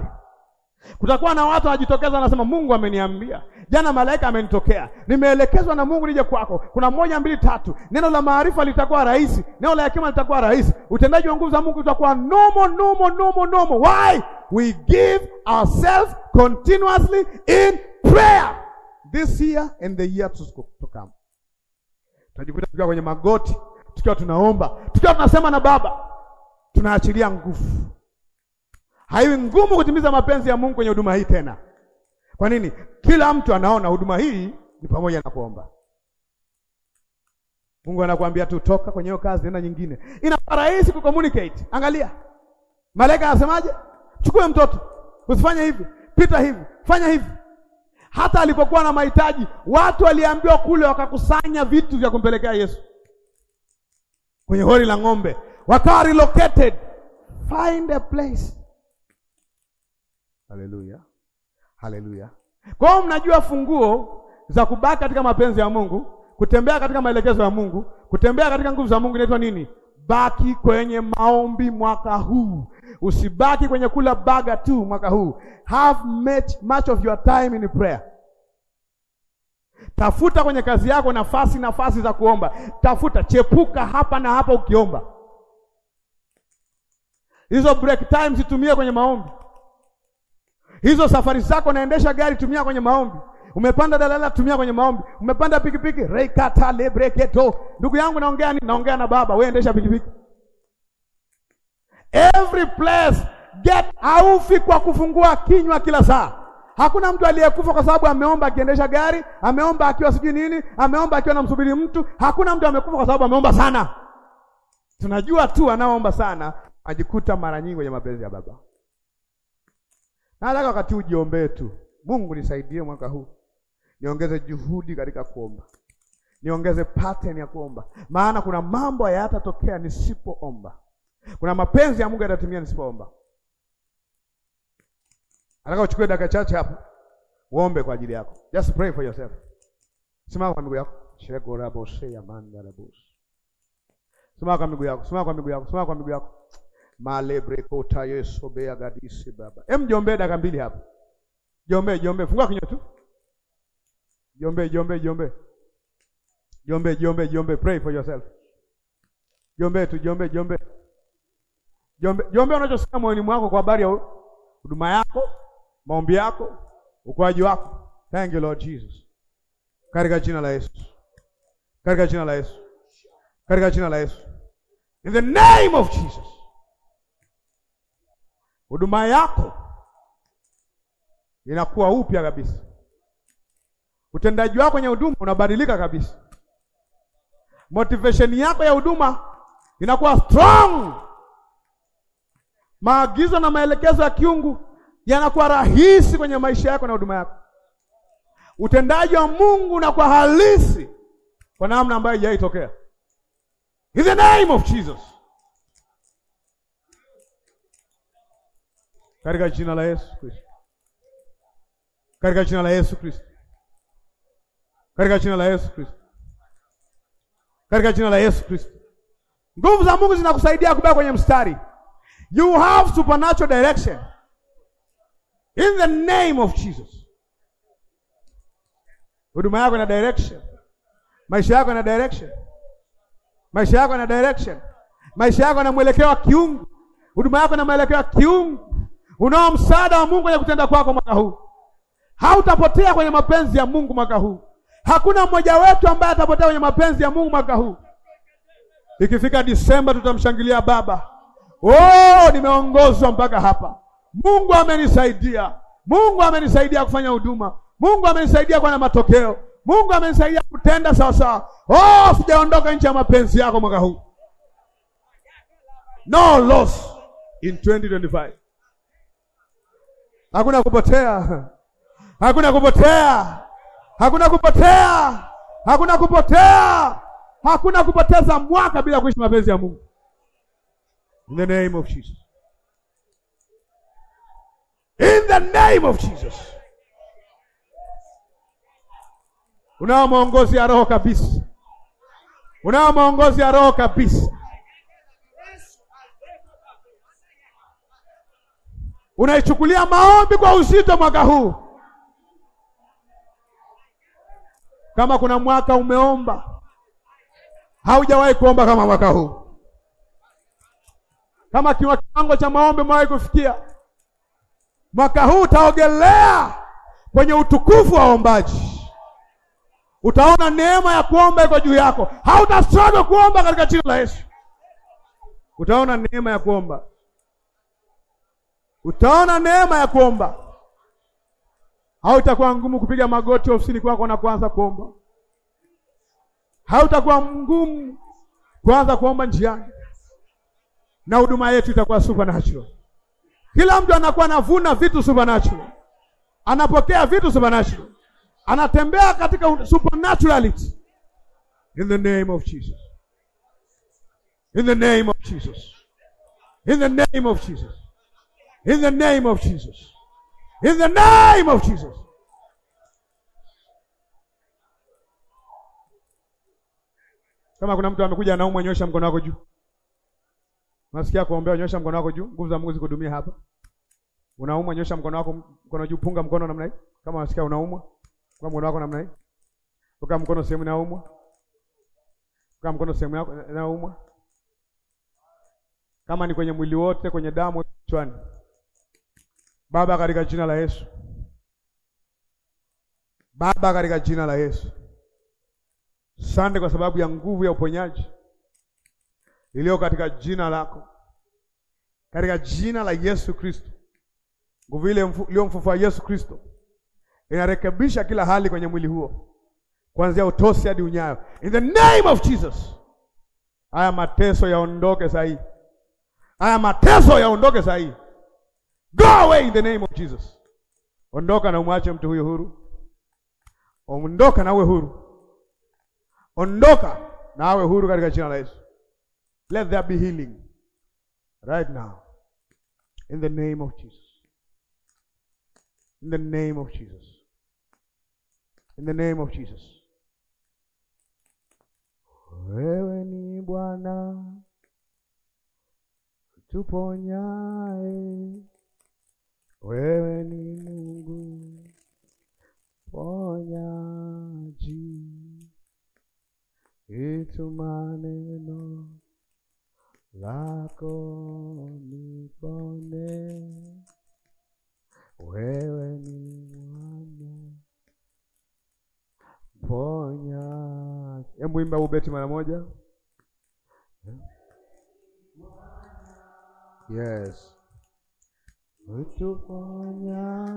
Kutakuwa na watu wajitokeza wanasema Mungu ameniambia. Jana malaika amenitokea. Nimeelekezwa na Mungu nije kwako. Kuna moja mbili tatu. Neno la maarifa litakuwa rahisi. Neno la hekima litakuwa rahisi. Utendaji wa nguvu za Mungu utakuwa nomo nomo nomo nomo. Why? We give ourselves continuously in prayer this year and the year to come. Tutajikuta tukiwa kwenye magoti, tukiwa tunaomba, tukiwa tunasema na Baba tunaachilia nguvu. Haiwi ngumu kutimiza mapenzi ya Mungu kwenye huduma hii tena. Kwa nini? Kila mtu anaona huduma hii ni pamoja na kuomba. Mungu anakuambia tu toka kwenye hiyo kazi, nenda nyingine. Inakuwa rahisi ku communicate. Angalia, malaika anasemaje? Chukue mtoto, usifanye hivi, pita hivi, fanya hivi. Hata alipokuwa na mahitaji, watu waliambiwa kule, wakakusanya vitu vya kumpelekea Yesu kwenye hori la ng'ombe, wakawa relocated. Find a place. Haleluya, haleluya. Kwa hiyo mnajua funguo za kubaki katika mapenzi ya Mungu, kutembea katika maelekezo ya Mungu, kutembea katika nguvu za Mungu inaitwa nini? Baki kwenye maombi mwaka huu, usibaki kwenye kula baga tu mwaka huu. Have met much of your time in prayer. Tafuta kwenye kazi yako nafasi nafasi za kuomba, tafuta, chepuka hapa na hapa ukiomba Hizo break time zitumie kwenye maombi. Hizo safari zako, naendesha gari, tumia kwenye maombi. Umepanda dalala, tumia kwenye maombi. Umepanda pikipiki, rekata le lebreketo. Ndugu yangu, naongea nini? naongea na baba, wewe endesha pikipiki. Every place get haufi kwa kufungua kinywa kila saa. Hakuna mtu aliyekufa kwa sababu ameomba akiendesha gari, ameomba akiwa sijui nini, ameomba akiwa namsubiri mtu. Hakuna mtu amekufa kwa sababu ameomba sana. Tunajua tu anaoomba sana, ajikuta mara nyingi kwenye mapenzi ya Baba. Nataka wakati ujiombee tu, Mungu nisaidie mwaka huu, niongeze juhudi katika kuomba, niongeze pattern ya kuomba, maana kuna mambo hayatatokea nisipoomba, kuna mapenzi ya Mungu yatatimia nisipoomba. Nataka uchukue dakika chache hapo, uombe kwa ajili yako, just pray for yourself. Simama kwa miguu yako, shegorabosea mandarabosi Simama kwa miguu yako, simama kwa miguu yako, simama kwa miguu yako malebrekota yesobe gadisi baba. Hem, jombe dakika mbili hapo. Jombe, jombe, fungua kinywa tu. Jombe, jombe, jombe. Jombe, jombe, jombe, pray for yourself. Jombe tu, jombe, jombe. Jombe, jombe unachosikia moyoni mwako kwa habari ya huduma yako, maombi yako, ukuaji wako. Thank you Lord Jesus. Katika jina la Yesu. Katika jina la Yesu. Katika jina la Yesu. In the name of Jesus huduma yako inakuwa upya kabisa, utendaji wako kwenye huduma unabadilika kabisa, motivation yako ya huduma inakuwa strong, maagizo na maelekezo ya kiungu yanakuwa rahisi kwenye maisha yako na huduma yako. Utendaji wa Mungu unakuwa halisi kwa namna ambayo haijaitokea. In the name of Jesus. katika jina la Yesu Kristo, katika jina la Yesu Kristo, katika jina la Yesu Kristo, katika jina la Yesu Kristo. Nguvu za Mungu zinakusaidia kubeba kwenye mstari. You have supernatural direction in the name of Jesus. Huduma yako ina direction, maisha yako ina direction, maisha yako ina direction, maisha yako ina mwelekeo wa kiungu, huduma yako ina mwelekeo wa kiungu. Unao msaada wa Mungu kwenye kutenda kwako mwaka huu. Hautapotea kwenye mapenzi ya Mungu mwaka huu. Hakuna mmoja wetu ambaye atapotea kwenye mapenzi ya Mungu mwaka huu. Ikifika Disemba tutamshangilia Baba. Oh, nimeongozwa mpaka hapa. Mungu amenisaidia. Mungu amenisaidia kufanya huduma. Mungu amenisaidia kuwa na matokeo. Mungu amenisaidia kutenda sawa sawa. Oh, sijaondoka nje ya mapenzi yako mwaka huu. No loss in 2025. Hakuna kupotea, hakuna kupotea, hakuna kupotea, hakuna kupotea, hakuna kupoteza mwaka bila kuishi mapenzi ya Mungu. In the name of Jesus. In the name of Jesus. Unao maongozi ya roho kabisa, unao maongozi ya roho kabisa Unaichukulia maombi kwa uzito mwaka huu. Kama kuna mwaka umeomba haujawahi kuomba kama mwaka huu, kama kiwa kiwango cha maombi umewahi kufikia, mwaka huu utaogelea kwenye utukufu wa ombaji. Utaona neema ya kuomba iko juu yako, hautastruggle kuomba katika jina la Yesu, utaona neema ya kuomba. Utaona neema ya kuomba, au itakuwa ngumu kupiga magoti ofisini kwako na kuanza kuomba. Hautakuwa ngumu kuanza kuomba njiani, na huduma yetu itakuwa supernatural. Kila mtu anakuwa anavuna vitu supernatural, anapokea vitu supernatural, anatembea katika supernaturality. In the name of Jesus, in the name of Jesus, in the name of Jesus. In the name of Jesus. In the name of Jesus. Kama kuna mtu amekuja anaumwa, nyosha mkono wako juu. Nasikia kuombea, nyosha mkono wako juu. Nguvu za Mungu zikuhudumia hapa. Unaumwa, nyosha mkono wako mkono juu, punga mkono namna hii. Kama unasikia unaumwa, punga mkono wako namna hii. Punga mkono sehemu inaumwa. Punga mkono sehemu yako inaumwa. Kama ni kwenye mwili wote, kwenye damu, kichwani. Baba, katika jina la Yesu. Baba, katika jina la Yesu, sante kwa sababu ya nguvu ya uponyaji iliyo katika jina lako, katika jina la Yesu Kristo. Nguvu ile iliyomfufua Yesu Kristo inarekebisha kila hali kwenye mwili huo, kuanzia utosi hadi unyayo, in the name of Jesus. Haya mateso yaondoke sahii, haya mateso yaondoke sahii. Go away in the name of Jesus. Ondoka na umwache mtu huyo huru. Ondoka na huru. Ondoka na awe huru katika jina la Yesu. Let there be healing right now in the name of Jesus. In the name of Jesus. In the name of Jesus. Wewe ni Bwana tuponyaye wewe ni Mungu ponyaji, itu maneno lako nipone. Wewe ni mwana ponyaji. Hebu imba ubeti mara moja, Yes. utuponya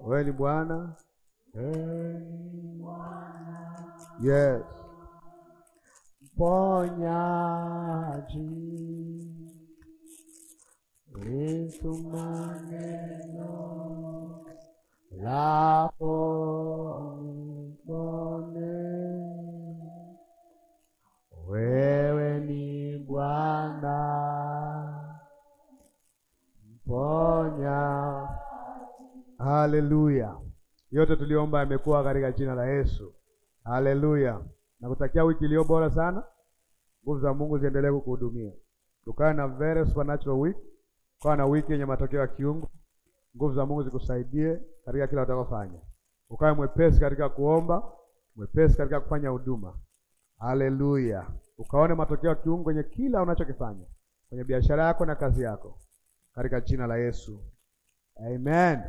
wewe ni Bwana yes, mponyaji Yesu maneno lako nipone, wewe ni Bwana ponya. Haleluya! yote tuliomba yamekuwa katika jina la Yesu. Haleluya! nakutakia wiki iliyo bora sana. Nguvu za Mungu ziendelee kukuhudumia. Tukae na very supernatural week, ukawa na wiki yenye matokeo ya kiungu. Nguvu za Mungu zikusaidie katika kila utakofanya. Ukawe mwepesi katika kuomba, mwepesi katika kufanya huduma. Haleluya! ukaone matokeo ya kiungu kwenye kila unachokifanya, kwenye biashara yako na kazi yako katika jina la Yesu. Amen.